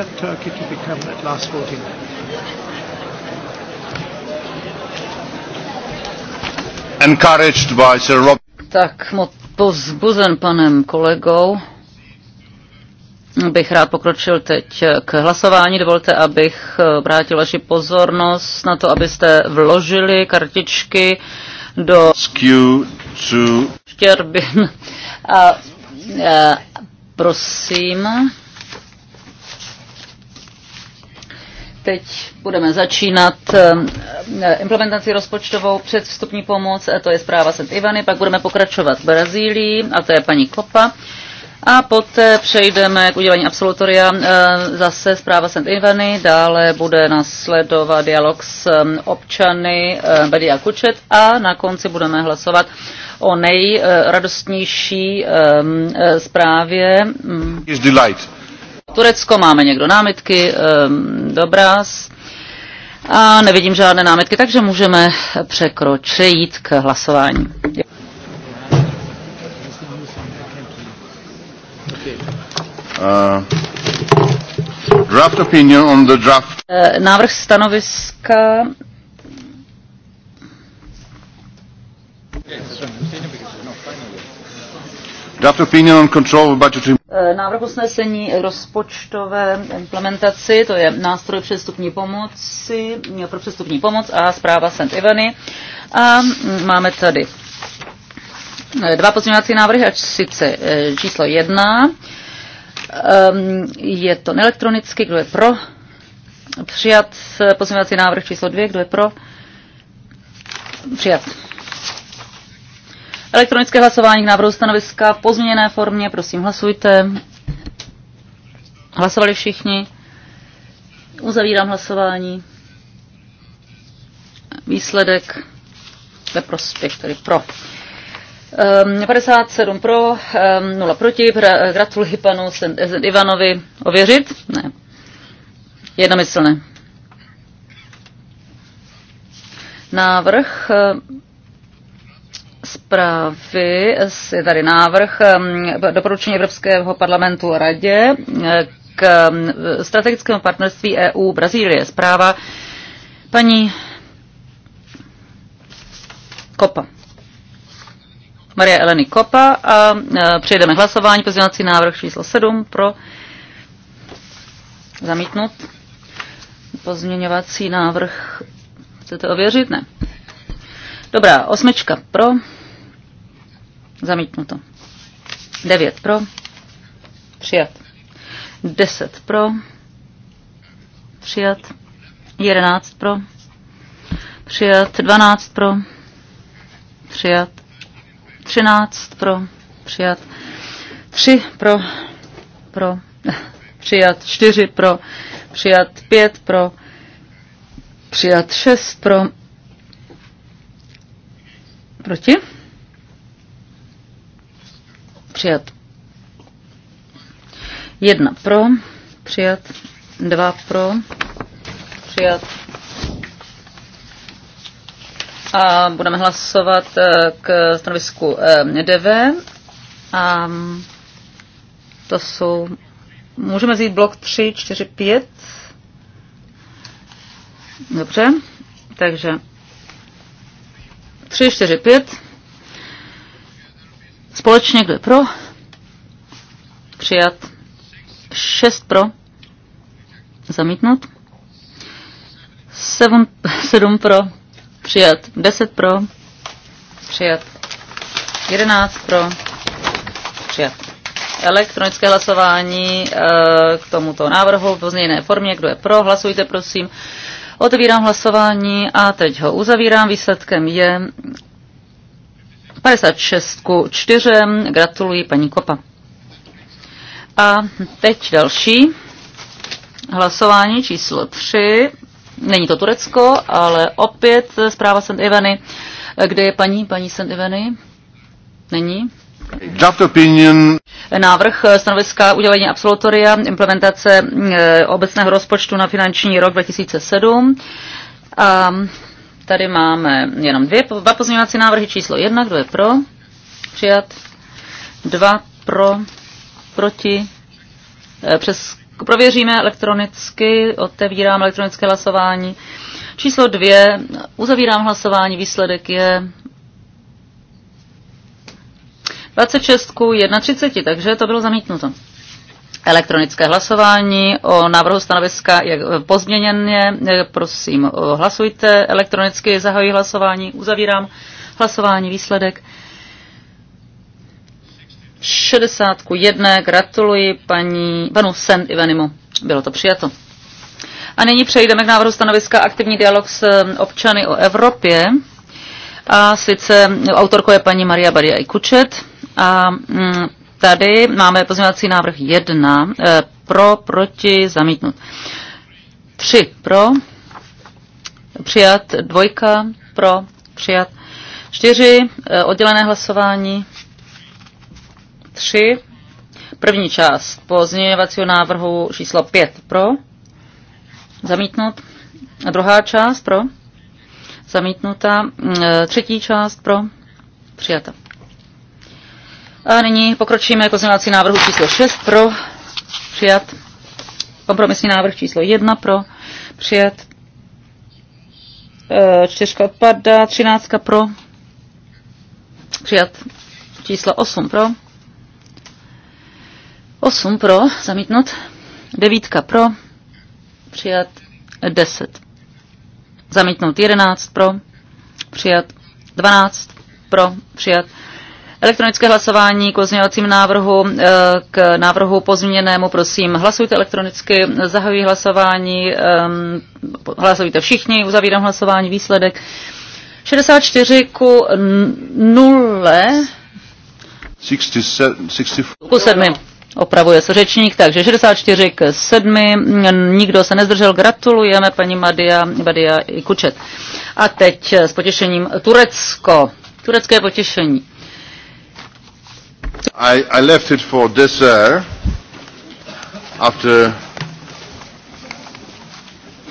accept Turkey to become at last voting? Encouraged by Sir Rob. Tak moc povzbuzen panem kolegou bych rád pokročil teď k hlasování. Dovolte, abych vrátil vaši pozornost na to, abyste vložili kartičky do štěrbin. A, a e, prosím. Teď budeme začínat eh, implementaci rozpočtovou předvstupní pomoc, eh, to je zpráva St. Ivany, pak budeme pokračovat v Brazílii, a to je paní Kopa. A poté přejdeme k udělení absolutoria. Eh, zase zpráva St. Ivany, dále bude nasledovat dialog s občany Bedi a Kučet a na konci budeme hlasovat o nejradostnější zprávě. Mm. Is Turecko, máme někdo námitky, ehm, dobrá. A nevidím žádné námitky, takže můžeme překročit k hlasování. Uh. Draft opinion on the draft. Eh, návrh stanoviska. Draft opinion on control of budgetary... Eh, návrh usnesení rozpočtové implementaci, to je nástroj přestupní pomoci, pro přestupní pomoc a zpráva St. Ivany. A mm, máme tady eh, dva pozměňovací návrhy, a sice eh, číslo jedna. Ehm, je to elektronicky, kdo je pro? Přijat pozměňovací návrh číslo dvě, kdo je pro? Přijat Elektronické hlasování k návrhu stanoviska v pozměněné formě. Prosím, hlasujte. Hlasovali všichni. Uzavírám hlasování. Výsledek ve prospěch, tedy pro. 57 ehm, pro, 0 ehm, proti. Gratuluji panu Ivanovi ověřit. Ne. Jednomyslné. Návrh ehm, zprávy je tady návrh um, doporučení Evropského parlamentu a radě eh, k um, strategickému partnerství EU Brazílie. Zpráva paní Kopa. Maria Eleny Kopa a eh, přejdeme hlasování. Pozměňovací návrh číslo 7 pro zamítnut. Pozměňovací návrh chcete ověřit? Ne. Dobrá, osmička pro, Zamítnuto. 9 pro. Přijat. 10 pro. Přijat. 11 pro. Přijat. 12 pro. Přijat. 13 pro. Přijat. 3 pro. Pro. Přijat. 4 pro. Přijat. 5 pro. Přijat. 6 pro. Proti? Přijat. Jedna pro. Přijat. Dva pro. Přijat. A budeme hlasovat eh, k stanovisku eh, DV. A mm, to jsou... Můžeme vzít blok 3, 4, 5. Dobře. Takže 3, 4, 5. Společně kdo je pro? Přijat. 6 pro. Zamítnout. 7, sedm pro. Přijat. 10 pro. Přijat. 11 pro. Přijat. Elektronické hlasování eh, k tomuto návrhu v pozměněné formě. Kdo je pro, hlasujte prosím. Otevírám hlasování a teď ho uzavírám. Výsledkem je 56 ku 4. Gratuluji paní Kopa. A teď další hlasování číslo 3. Není to Turecko, ale opět zpráva St. Ivany. Kde je paní, paní St. Ivany? Není? Draft opinion. Návrh stanoviska udělení absolutoria implementace eh, obecného rozpočtu na finanční rok 2007. A Tady máme jenom dvě, dva pozměňovací návrhy. Číslo jedna, kdo je pro? Přijat. Dva pro, proti. Eh, přes, prověříme elektronicky, otevírám elektronické hlasování. Číslo dvě, uzavírám hlasování, výsledek je 26 k 31, takže to bylo zamítnuto elektronické hlasování o návrhu stanoviska je pozměněně. Prosím, hlasujte elektronicky, zahajuji hlasování, uzavírám hlasování, výsledek. 60 ku 1, gratuluji paní, panu Sen Ivanimu, bylo to přijato. A nyní přejdeme k návrhu stanoviska Aktivní dialog s um, občany o Evropě. A sice autorkou je paní Maria Badia Ikučet. A mm, Tady máme pozměňovací návrh 1 eh, pro, proti, zamítnut. 3 pro, přijat, dvojka pro, přijat. 4 eh, oddělené hlasování. 3 první část pozměňovacího návrhu číslo 5 pro, zamítnut. A druhá část pro, zamítnutá. Mm, eh, třetí část pro, přijata. A nyní pokročíme k pozměňovací návrhu číslo 6 pro přijat. Kompromisní návrh číslo 1 pro přijat. E, čtyřka odpadá, třináctka pro přijat. Číslo 8 pro. 8 pro, zamítnout. Devítka pro, přijat. 10. Zamítnout 11 pro, přijat. 12 pro, přijat. Elektronické hlasování k pozměňovacím návrhu, eh, k návrhu pozměněnému, prosím, hlasujte elektronicky, zahajují hlasování, ehm, hlasujte všichni, uzavírám hlasování, výsledek 64 ku 0. 67, 7. Opravuje se řečník, takže 64 k 7, nikdo se nezdržel, gratulujeme paní Madia, Madia i Kučet. A teď s potěšením Turecko, turecké potěšení. I, I left it for dessert after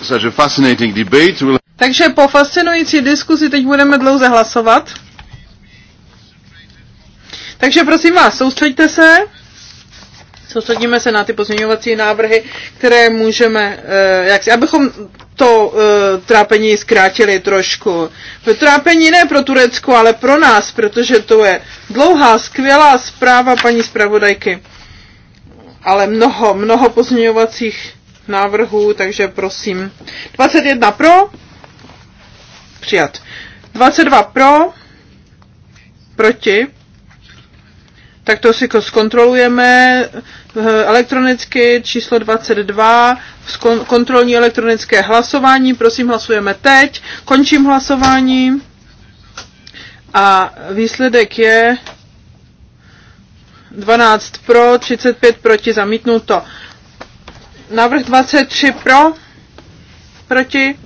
such a fascinating debate. We'll... Takže po fascinující diskuzi teď budeme dlouze hlasovat. Takže prosím vás, soustřeďte se. Soustředíme se na ty pozměňovací návrhy, které můžeme, eh, jak si, abychom to e, trápení zkrátili trošku. Trápení ne pro Turecko, ale pro nás, protože to je dlouhá, skvělá zpráva paní zpravodajky. Ale mnoho, mnoho pozměňovacích návrhů, takže prosím. 21 pro, přijat. 22 pro, proti, tak to si zkontrolujeme eh, elektronicky číslo 22, kontrolní elektronické hlasování, prosím hlasujeme teď, končím hlasování a výsledek je 12 pro, 35 proti, zamítnuto. Návrh 23 pro, proti,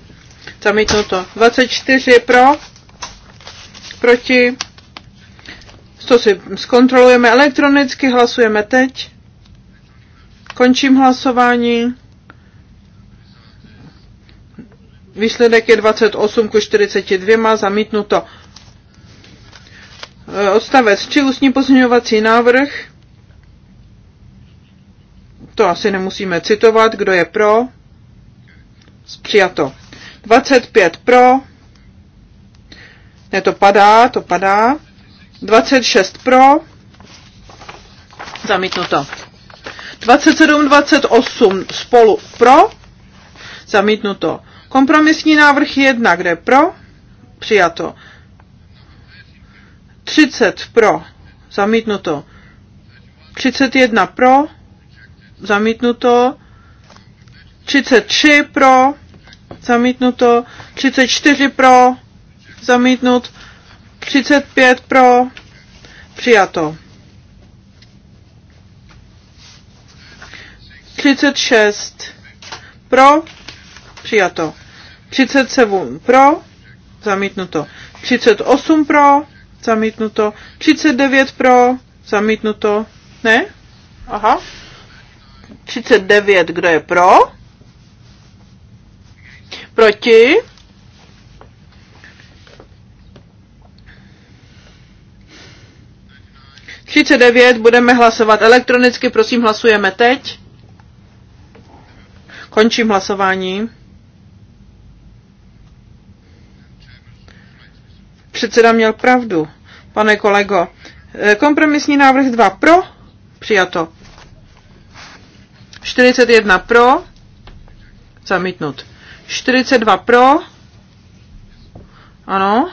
zamítnuto. 24 pro, proti, to si zkontrolujeme elektronicky, hlasujeme teď. Končím hlasování. Výsledek je 28 ku 42, zamítnuto. E, odstavec 3, ústní pozměňovací návrh. To asi nemusíme citovat, kdo je pro. Přijato. 25 pro. Ne, to padá, to padá. 26 pro, zamítnuto. 27, 28 spolu pro, zamítnuto. Kompromisní návrh 1, kde pro, přijato. 30 pro, zamítnuto. 31 pro, zamítnuto. 33 pro, zamítnuto. 34 pro, zamítnut. 35 pro, přijato. 36 pro, přijato. 37 pro, zamítnuto. 38 pro, zamítnuto. 39 pro, zamítnuto. Ne? Aha. 39, kdo je pro? Proti? 39 budeme hlasovat elektronicky, prosím hlasujeme teď. Končím hlasování. Předseda měl pravdu, pane kolego. Eh, kompromisní návrh 2 pro, přijato. 41 pro, zamítnut. 42 pro, ano.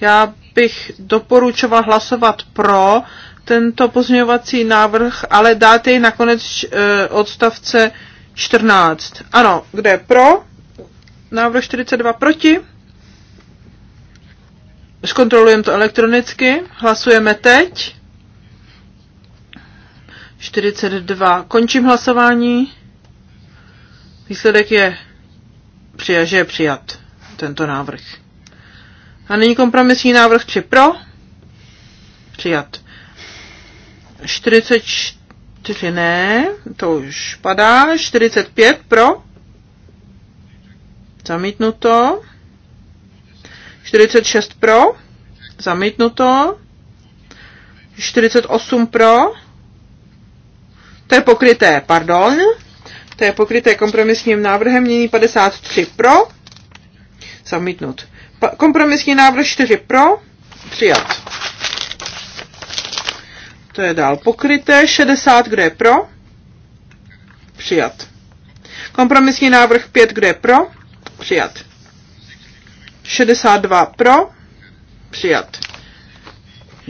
Já bych doporučoval hlasovat pro tento pozměňovací návrh, ale dát jej nakonec eh, odstavce 14. Ano, kde pro? Návrh 42 proti? Zkontrolujeme to elektronicky. Hlasujeme teď. 42. Končím hlasování. Výsledek je, přijat, že je přijat tento návrh. A nyní kompromisní návrh 3 pro. Přijat. 44 ne, to už padá. 45 pro. Zamítnuto. 46 pro. Zamítnuto. 48 pro. To je pokryté, pardon. To je pokryté kompromisním návrhem, mění 53 pro. Zamítnut. Kompromisní návrh 4 pro, přijat. To je dál pokryté. 60, kdo je pro, přijat. Kompromisní návrh 5, kdo je pro, přijat. 62 pro, přijat.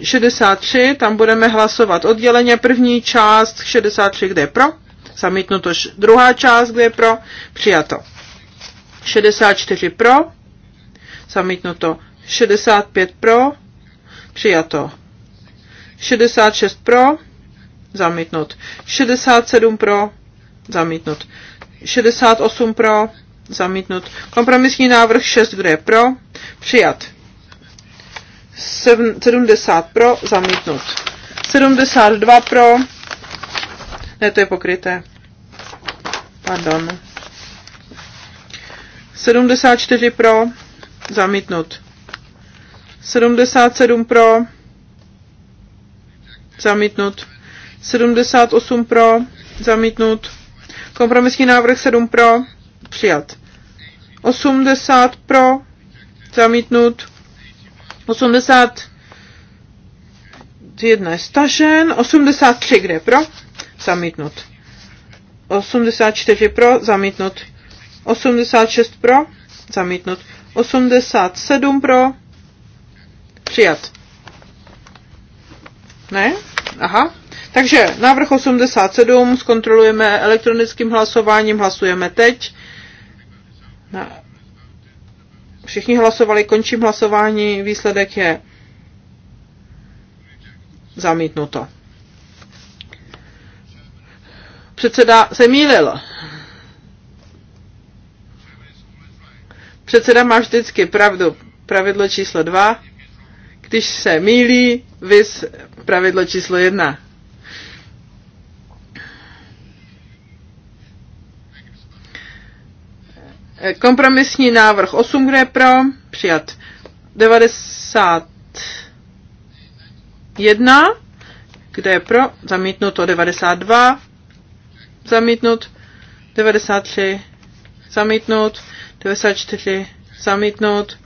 63, tam budeme hlasovat odděleně první část, 63, kde je pro, zamítnuto druhá část, kde je pro, přijato. 64 pro, zamítnuto. 65 pro, přijato. 66 pro, zamítnut. 67 pro, zamítnut. 68 pro, zamítnut. Kompromisní návrh 6, kde je pro, přijat. 70 pro, zamítnut. 72 pro, ne, to je pokryté. Pardon. 74 pro, Zamítnut. 77 pro. Zamítnut. 78 pro. Zamítnut. Kompromisní návrh 7 pro. Přijat. 80 pro. Zamítnut. 81 je stažen. 83 kde pro? Zamítnut. 84 pro. Zamítnut. 86 pro. Zamítnut. 87 pro. Přijat. Ne? Aha. Takže návrh 87 zkontrolujeme elektronickým hlasováním, hlasujeme teď. Na... Všichni hlasovali, končím hlasování, výsledek je zamítnuto. Předseda se mýlil. Předseda má vždycky pravdu. Pravidlo číslo dva. Když se mílí, vys pravidlo číslo jedna. Kompromisní návrh 8, kde je pro, přijat 91, kde je pro, zamítnuto 92, zamítnut 93, zamítnut 94 zamítnout.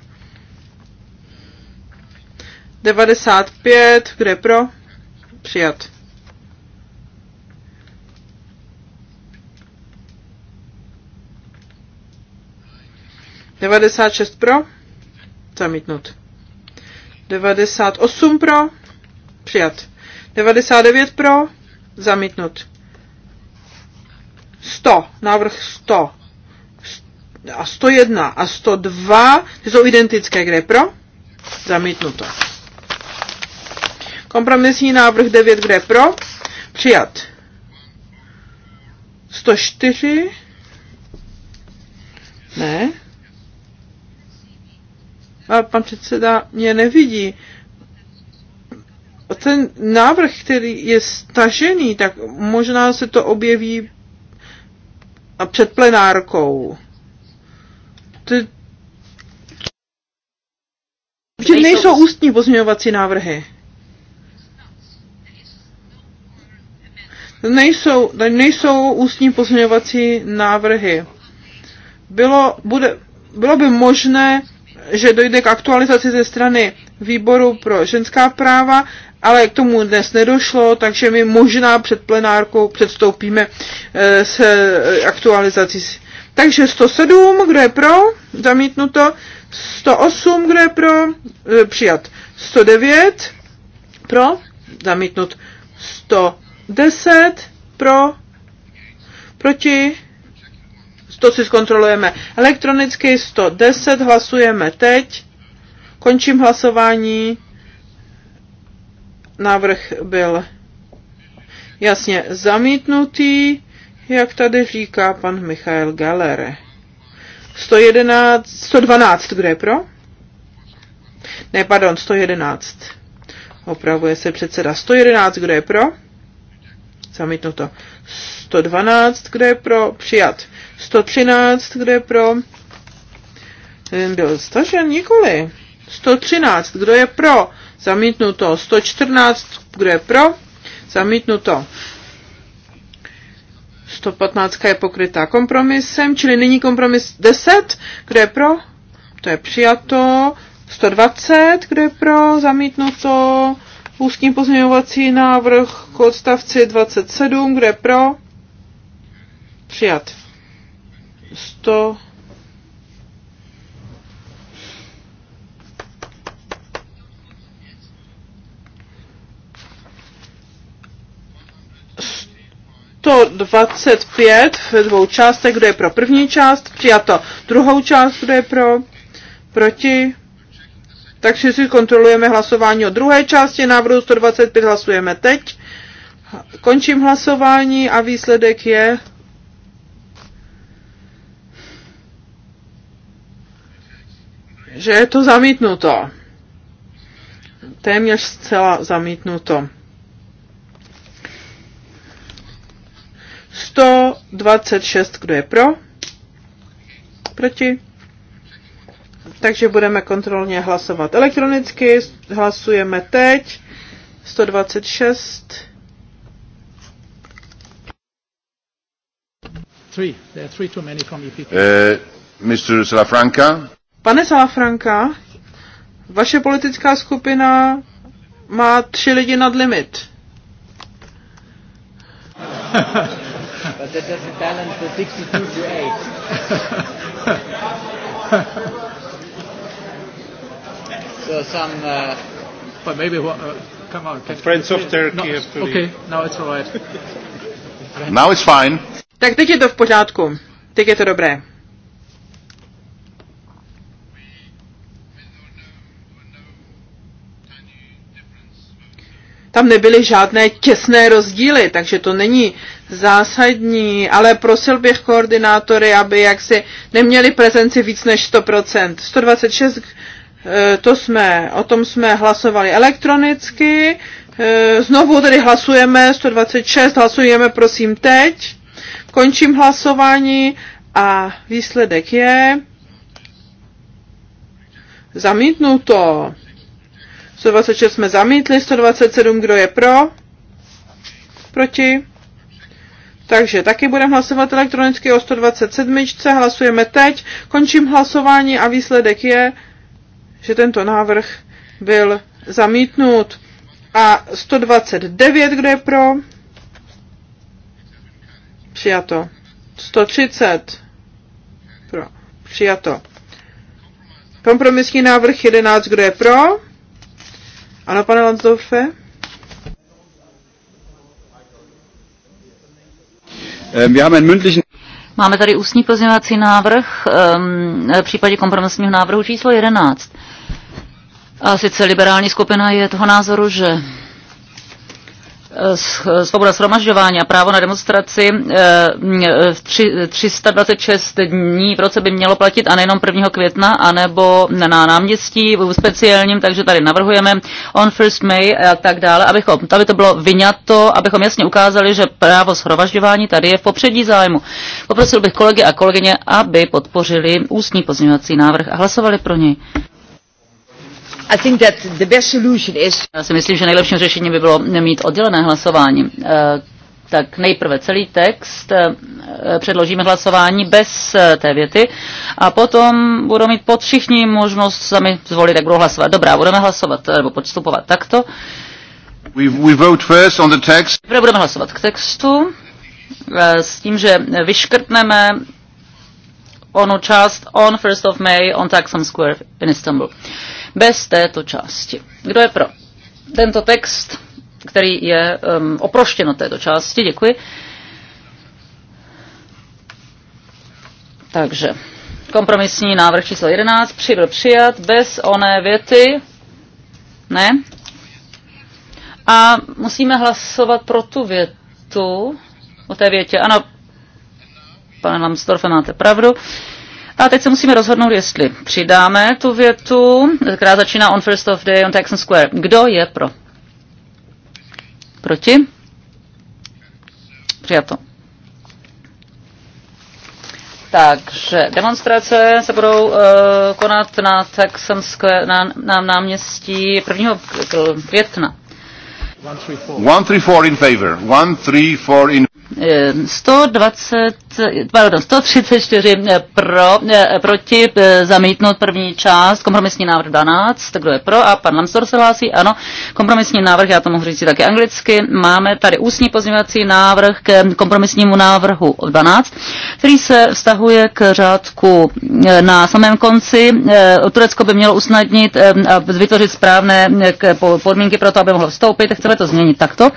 95, kde pro? Přijat. Devadesát šest pro, zamítnut. Devadesát osm pro, přijat. Devadesát devět pro, zamítnut. Sto, návrh sto a 101 a 102, ty jsou identické, kde je pro? Zamítnuto. Kompromisní návrh 9, kde je pro? Přijat. 104. Ne. A pan předseda mě nevidí. Ten návrh, který je stažený, tak možná se to objeví a před plenárkou. To je... nejsou ústní pozměňovací návrhy. Nejsou, nejsou ústní pozměňovací návrhy. Bylo, bude, bylo by možné, že dojde k aktualizaci ze strany výboru pro ženská práva, ale k tomu dnes nedošlo, takže my možná před plenárkou předstoupíme eh, s aktualizací takže 107, kdo je pro, zamítnuto. 108, kdo je pro, e, přijat. 109, pro, zamítnut. 110, pro, proti. to si zkontrolujeme elektronicky, 110 hlasujeme teď. Končím hlasování. Návrh byl jasně zamítnutý jak tady říká pan Michael Galere. 111, 112, kde je pro? Ne, pardon, 111. Opravuje se předseda. 111, kdo je pro? Zamítnuto. 112, kde je pro? Přijat. 113, kdo je pro? Ten byl stažen nikoli. 113, kdo je pro? Zamítnuto. 114, kdo je pro? Zamítnuto. 115 je pokrytá kompromisem, čili nyní kompromis 10, kde je pro, to je přijato, 120, kde je pro, zamítnuto, ústní pozměňovací návrh k odstavci 27, kde je pro, přijat. 100 to 25 ve dvou částech, kdo je pro první část, přijato druhou část, kdo je pro, proti. Takže si kontrolujeme hlasování o druhé části návrhu 125, hlasujeme teď. Končím hlasování a výsledek je že je to zamítnuto. Téměř zcela zamítnuto. 126, kdo je pro? Proti? Takže budeme kontrolně hlasovat elektronicky. Hlasujeme teď. 126. Three. Mr. E eh, Salafranca. Pane Salafranca, vaše politická skupina má tři lidi nad limit. Uh, that doesn't balance the 62 to 8. so some. Uh, but maybe what, uh, come on. Can, friends of Turkey. No, have to okay, leave. now it's right. now it's fine. Tak teď je to v pořádku. Teď je to dobré. tam nebyly žádné těsné rozdíly, takže to není zásadní, ale prosil bych koordinátory, aby jaksi neměli prezenci víc než 100%. 126, eh, to jsme, o tom jsme hlasovali elektronicky, eh, znovu tedy hlasujeme, 126, hlasujeme prosím teď, končím hlasování a výsledek je zamítnuto. 126 jsme zamítli, 127 kdo je pro, proti. Takže taky budeme hlasovat elektronicky o 127. Hlasujeme teď. Končím hlasování a výsledek je, že tento návrh byl zamítnut. A 129, kdo je pro? Přijato. 130. Pro. Přijato. Kompromisní návrh 11, kdo je pro? Ano, pane Landsdorfe? Ähm, Máme tady ústní pozměňovací návrh ehm, v případě kompromisního návrhu číslo 11. A sice liberální skupina je toho názoru, že Eh, svoboda shromažďování a právo na demonstraci 326 eh, dní v roce by mělo platit a nejenom 1. května, anebo na náměstí speciálním, takže tady navrhujeme on first May a tak dále, abychom, aby to bylo vyňato, abychom jasně ukázali, že právo shromažďování tady je v popředí zájmu. Poprosil bych kolegy a kolegyně, aby podpořili ústní pozměňovací návrh a hlasovali pro něj. I think that the best solution is... Já si myslím, že nejlepším řešením by bylo mít oddělené hlasování. Eh, tak nejprve celý text eh, předložíme hlasování bez eh, té věty a potom budou mít pod všichni možnost sami zvolit, jak budou hlasovat. Dobrá, budeme hlasovat nebo podstupovat takto. We, we vote first on the text. budeme hlasovat k textu s tím, že vyškrtneme onu část on 1st of May on Taksim Square in Istanbul. Uh, bez této části. Kdo je pro? Tento text, který je um, oproštěn od této části, děkuji. Takže kompromisní návrh číslo 11 při byl přijat bez oné věty. Ne? A musíme hlasovat pro tu větu, o té větě. Ano, pane Lambsdorfe, máte pravdu. Uh, a teď se musíme rozhodnout, jestli přidáme tu větu, která začíná on first of day on Texan Square. Kdo je pro? Proti? Přijato. Takže demonstrace se budou uh, konat na Texan Square, na, na náměstí 1. Eh, května. 134 in favor. 134 in 120, pardon, 134 pro, proti e, zamítnout první část, kompromisní návrh 12, tak kdo je pro a pan Lamstor se hlásí, ano, kompromisní návrh, já to mohu říct taky anglicky, máme tady ústní pozměňovací návrh k kompromisnímu návrhu 12, který se vztahuje k řádku e, na samém konci. E, Turecko by mělo usnadnit a vytvořit správné podmínky pro to, aby mohlo vstoupit, chceme to změnit takto.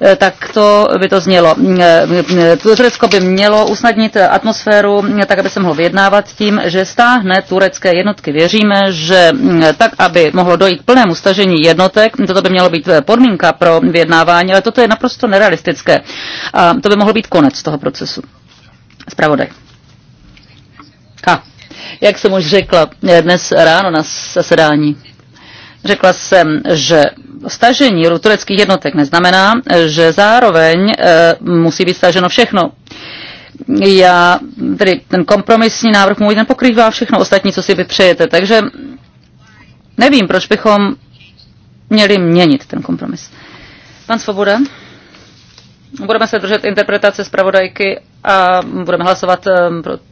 Eh, tak to by to znělo. Eh, eh, Turecko by mělo usnadnit atmosféru tak, aby se mohlo vyjednávat tím, že stáhne turecké jednotky. Věříme, že tak, aby mohlo dojít k plnému stažení jednotek, toto by mělo být podmínka pro vyjednávání, ale toto je naprosto nerealistické. A to by mohlo být konec toho procesu. Spravodaj. Ha. Jak jsem už řekla dnes ráno na zasedání, řekla jsem, že stažení tureckých jednotek neznamená, že zároveň e, musí být staženo všechno. Já, tedy ten kompromisní návrh můj nepokrývá všechno ostatní, co si vy přejete, takže nevím, proč bychom měli měnit ten kompromis. Pan Svoboda? Budeme se držet interpretace zpravodajky a budeme hlasovat e,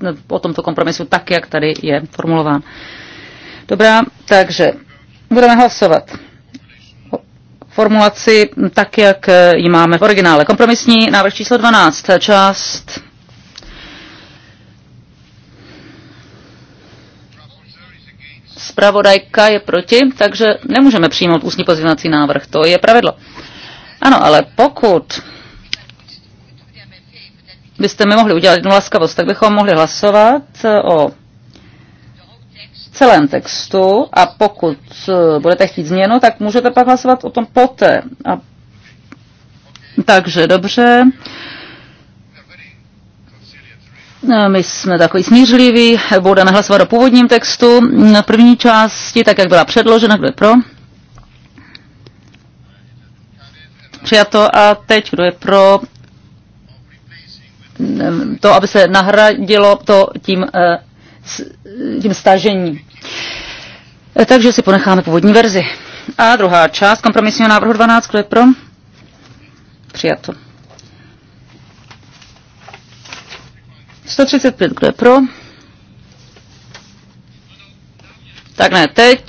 e, o tomto kompromisu tak, jak tady je formulován. Dobrá, takže budeme hlasovat formulaci tak, jak ji máme v originále. Kompromisní návrh číslo 12, část Spravodajka je proti, takže nemůžeme přijmout ústní pozměňovací návrh. To je pravidlo. Ano, ale pokud byste mi mohli udělat jednu laskavost, tak bychom mohli hlasovat o celém textu a pokud eh, budete chtít změnu, tak můžete pak hlasovat o tom poté. A... Takže dobře. No, my jsme takový smířliví, budeme hlasovat o původním textu na první části, tak jak byla předložena, kdo je pro? Přijato a teď, kdo je pro to, aby se nahradilo to tím eh, tím stažením. E, takže si ponecháme původní verzi. A druhá část kompromisního návrhu 12, kdo je pro? Přijato. 135, kdo je pro? Tak ne, teď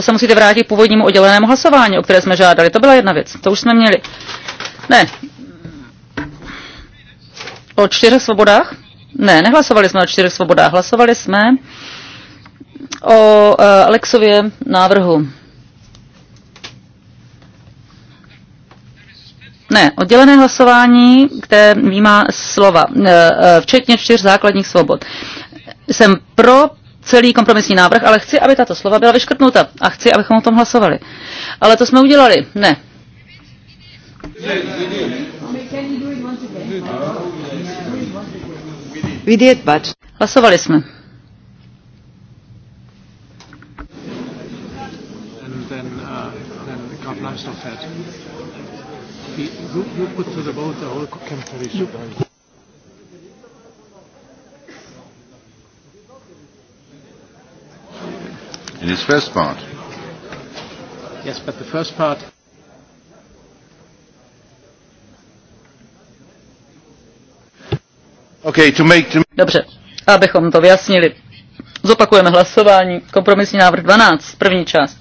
se musíte vrátit k původnímu oddělenému hlasování, o které jsme žádali. To byla jedna věc. To už jsme měli. Ne. O čtyřech svobodách? Ne, nehlasovali jsme o čtyřech svobodách, hlasovali jsme o eh, Alexově návrhu. Ne, oddělené hlasování, které výjímá slova, eh, eh, včetně čtyř základních svobod. Jsem pro celý kompromisní návrh, ale chci, aby tato slova byla vyškrtnuta a chci, abychom o tom hlasovali. Ale to jsme udělali. Ne. Vidět, bač. Hlasovali jsme. Uh, in his first part. Yes, but the first part Okay, to make, to... Dobře, abychom to vyjasnili. Zopakujeme hlasování. Kompromisní návrh 12, první část.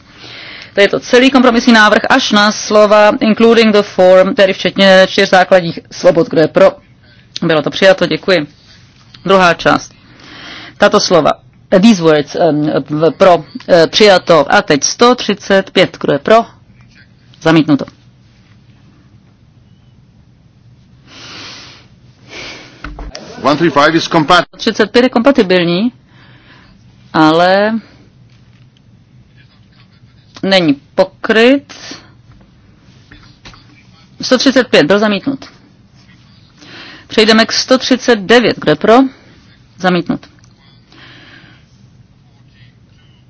To je to celý kompromisní návrh až na slova including the form, tedy včetně čtyř základních svobod, kdo je pro. Bylo to přijato, děkuji. Druhá část. Tato slova. These words um, pro uh, přijato. A teď 135, kdo je pro? Zamítnuto. 135 je kompatibilní, ale není pokryt. 135 byl zamítnut. Přejdeme k 139. kde pro? Zamítnut.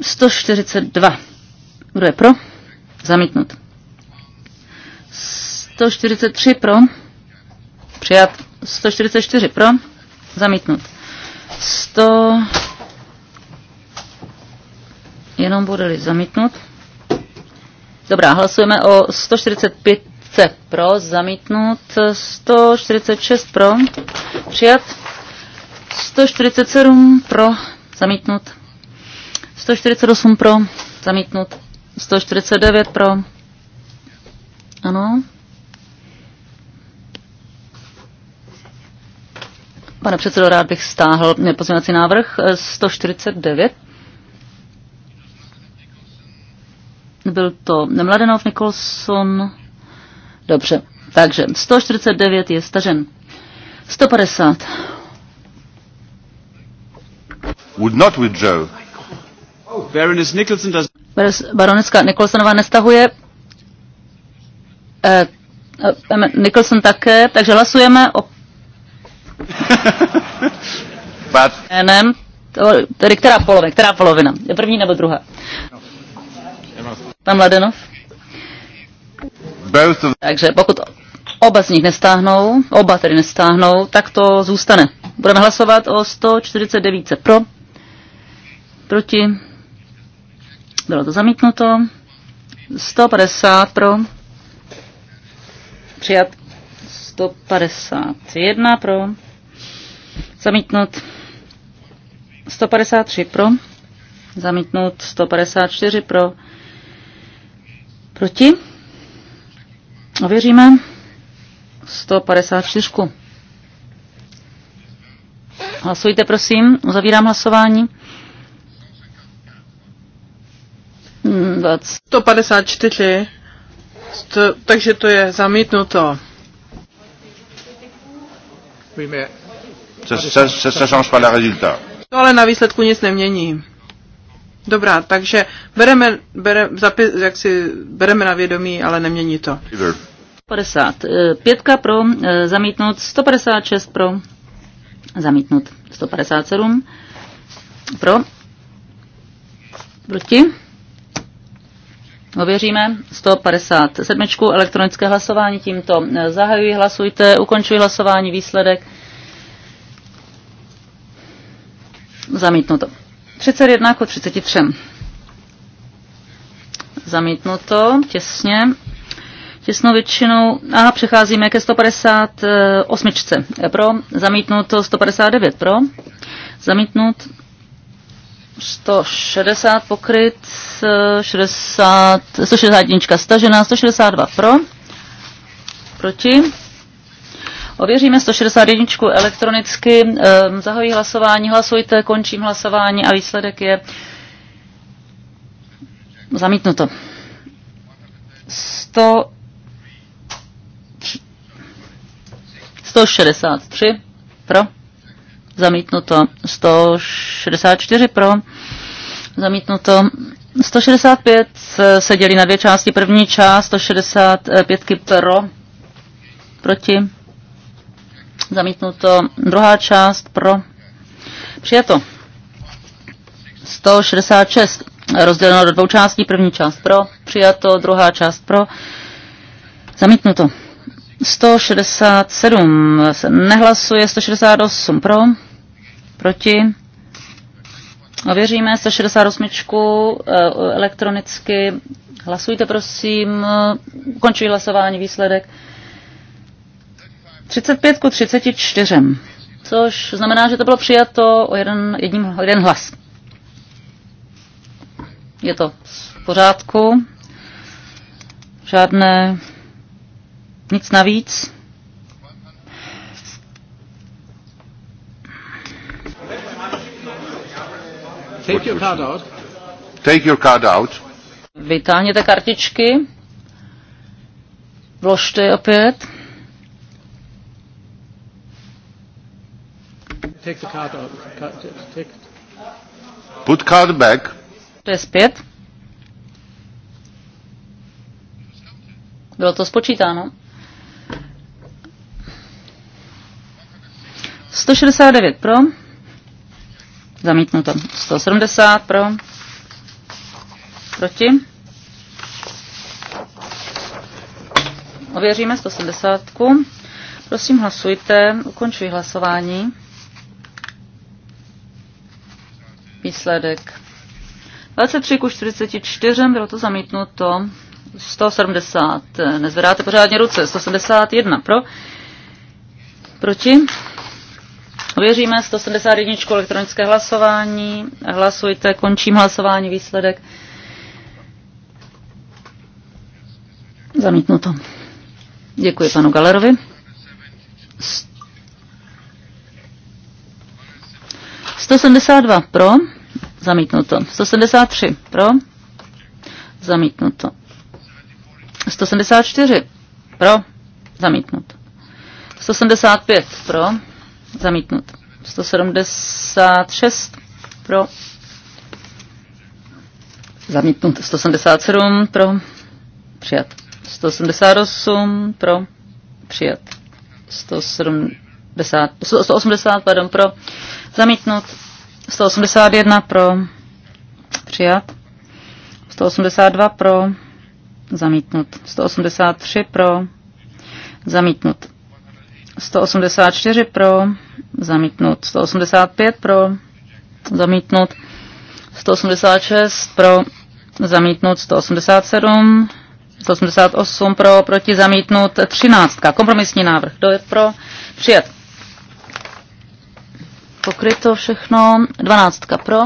142. kde pro? Zamítnut. 143 pro. Přijat. 144 pro. Zamítnut. 100 jenom bude-li zamítnut. Dobrá, hlasujeme o 145 pro, zamítnut, 146 pro, přijat, 147 pro, zamítnut, 148 pro, zamítnut, 149 pro, ano, Pane předsedo, rád bych stáhl pozměňovací návrh 149. Eh, Byl to Mladenov, Nicholson. Dobře, takže 149 je stažen. 150. Would not withdraw. Baroness Nicholson does... Baronická Nicholsonová nestahuje. Eh, eh, Nicholson také, takže hlasujeme o But... NM, to, tedy která polovina, která polovina? Je první nebo druhá? Pan Mladenov? Both of... Takže pokud oba z nich nestáhnou, oba tedy nestáhnou, tak to zůstane. Budeme hlasovat o 149 pro, proti, bylo to zamítnuto, 150 pro, přijat 151 pro, Zamítnout 153 pro. Zamítnout 154 pro. Proti. Ověříme 154. Hlasujte, prosím. Uzavírám hlasování. 154. Hmm, sto, takže to je zamítnuto. Víme se, se, change pas résultat. To ale na výsledku nic nemění. Dobrá, takže bereme, bere, zapis, jak si, bereme na vědomí, ale nemění to. 50. Eh, pětka pro eh, zamítnout, 156 pro zamítnout, 157 pro, proti. Ověříme 157. elektronické hlasování. Tímto eh, zahajuji, hlasujte, ukončuji hlasování, výsledek Zamítnuto. 31 k 33. Zamítnuto, těsně. Těsnou většinou. A přecházíme ke 158. Pro. Zamítnuto 159. Pro. Zamítnut. 160 pokryt, 160. 161 stažená, 162 pro, proti Ověříme 161 elektronicky. Ehm, zahojí hlasování, hlasujte, končím hlasování a výsledek je zamítnuto. 100, 163 pro, zamítnuto 164 pro, zamítnuto 165 eh, se dělí na dvě části. První část 165 pro, proti Zamítnuto. Druhá část pro. Přijato. 166 rozděleno do dvou částí. První část pro. Přijato. Druhá část pro. Zamítnuto. 167 se nehlasuje. 168 pro. Proti. Ověříme 168 eh, elektronicky. Hlasujte prosím. Končí hlasování výsledek. 35 ku 34, což znamená, že to bylo přijato o jeden, jedním, jeden hlas. Je to v pořádku. Žádné nic navíc. Take your card out. Take your card out. Vytáhněte kartičky. Vložte je opět. take the card out. Take. Put card back. To je zpět. Bylo to spočítáno. 169 pro. Zamítnuto. 170 pro. Proti. Ověříme 170. Prosím hlasujte. Ukončuji hlasování. Výsledek 23 ku 44, bylo to zamítnuto. 170, nezvedáte pořádně ruce, 171 pro. Proti? Ověříme 171 elektronické hlasování. Hlasujte, končím hlasování, výsledek. Zamítnuto. Děkuji panu Galerovi. 172 pro, zamítnuto. 173 pro, zamítnuto. 174 pro, zamítnuto. 175 pro, zamítnuto. 176 pro, zamítnuto. 177 pro, přijat. 178 pro, přijat. 170, 180, pardon, pro, Zamítnut. 181 pro. Přijat. 182 pro. Zamítnut. 183 pro. Zamítnut. 184 pro. Zamítnut. 185 pro. Zamítnut. 186 pro. Zamítnut. 187 188 pro, proti zamítnut 13. Kompromisní návrh. Kdo je pro? Přijat pokryto všechno. Dvanáctka pro.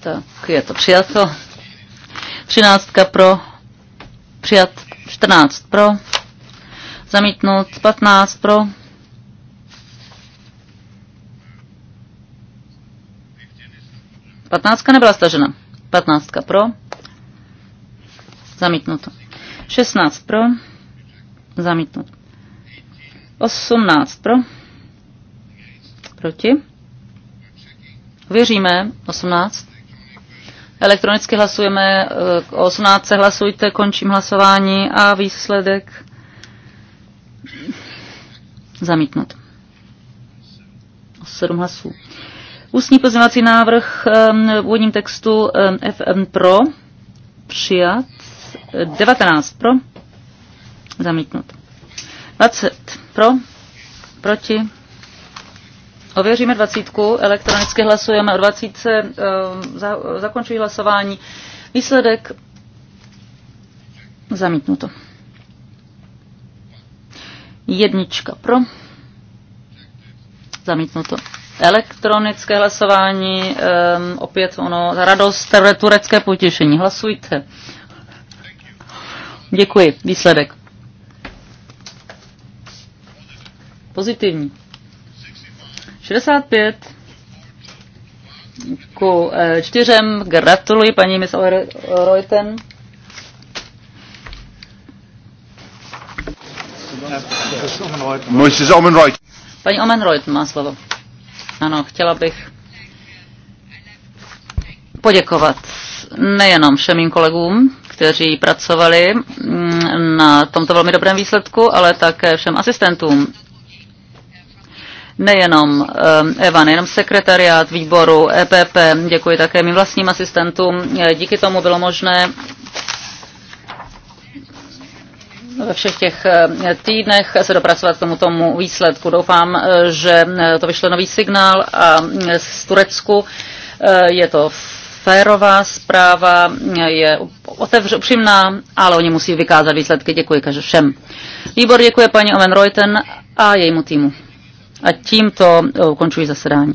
Tak je to přijato. Třináctka pro. Přijat. Čtrnáct pro. Zamítnout. Patnáct pro. Patnáctka nebyla stažena. Patnáctka pro. Zamítnuto. Šestnáct pro. Zamítnuto. 18 pro. Proti. Věříme. 18. Elektronicky hlasujeme. K 18 se hlasujte. Končím hlasování a výsledek zamítnut. 7 hlasů. Ústní pozměňovací návrh eh, v úvodním textu eh, FM pro přijat. 19 pro zamítnut. 20 pro, proti. Ověříme dvacítku, elektronicky hlasujeme o 20, ehm, za, zakončují hlasování. Výsledek zamítnuto. Jednička pro, zamítnuto. Elektronické hlasování, um, opět ono, radost, turecké potěšení. Hlasujte. Děkuji, výsledek. pozitivní. 65 ku e, čtyřem. Gratuluji paní Miss Reuten. Paní Omenreut má slovo. Ano, chtěla bych poděkovat nejenom všem mým kolegům, kteří pracovali mm, na tomto velmi dobrém výsledku, ale také všem asistentům nejenom ehm, Eva, nejenom sekretariát výboru EPP, děkuji také mým vlastním asistentům. Eh, díky tomu bylo možné ve všech těch eh, týdnech se dopracovat k tomuto výsledku. Doufám, eh, že to vyšlo nový signál a z Turecku je to férová zpráva, je otevř, upřímná, ale oni musí vykázat výsledky. Děkuji každým všem. Výbor děkuje paní Omen Reuten a jejímu týmu. A tímto eh, ukončuji zasedání.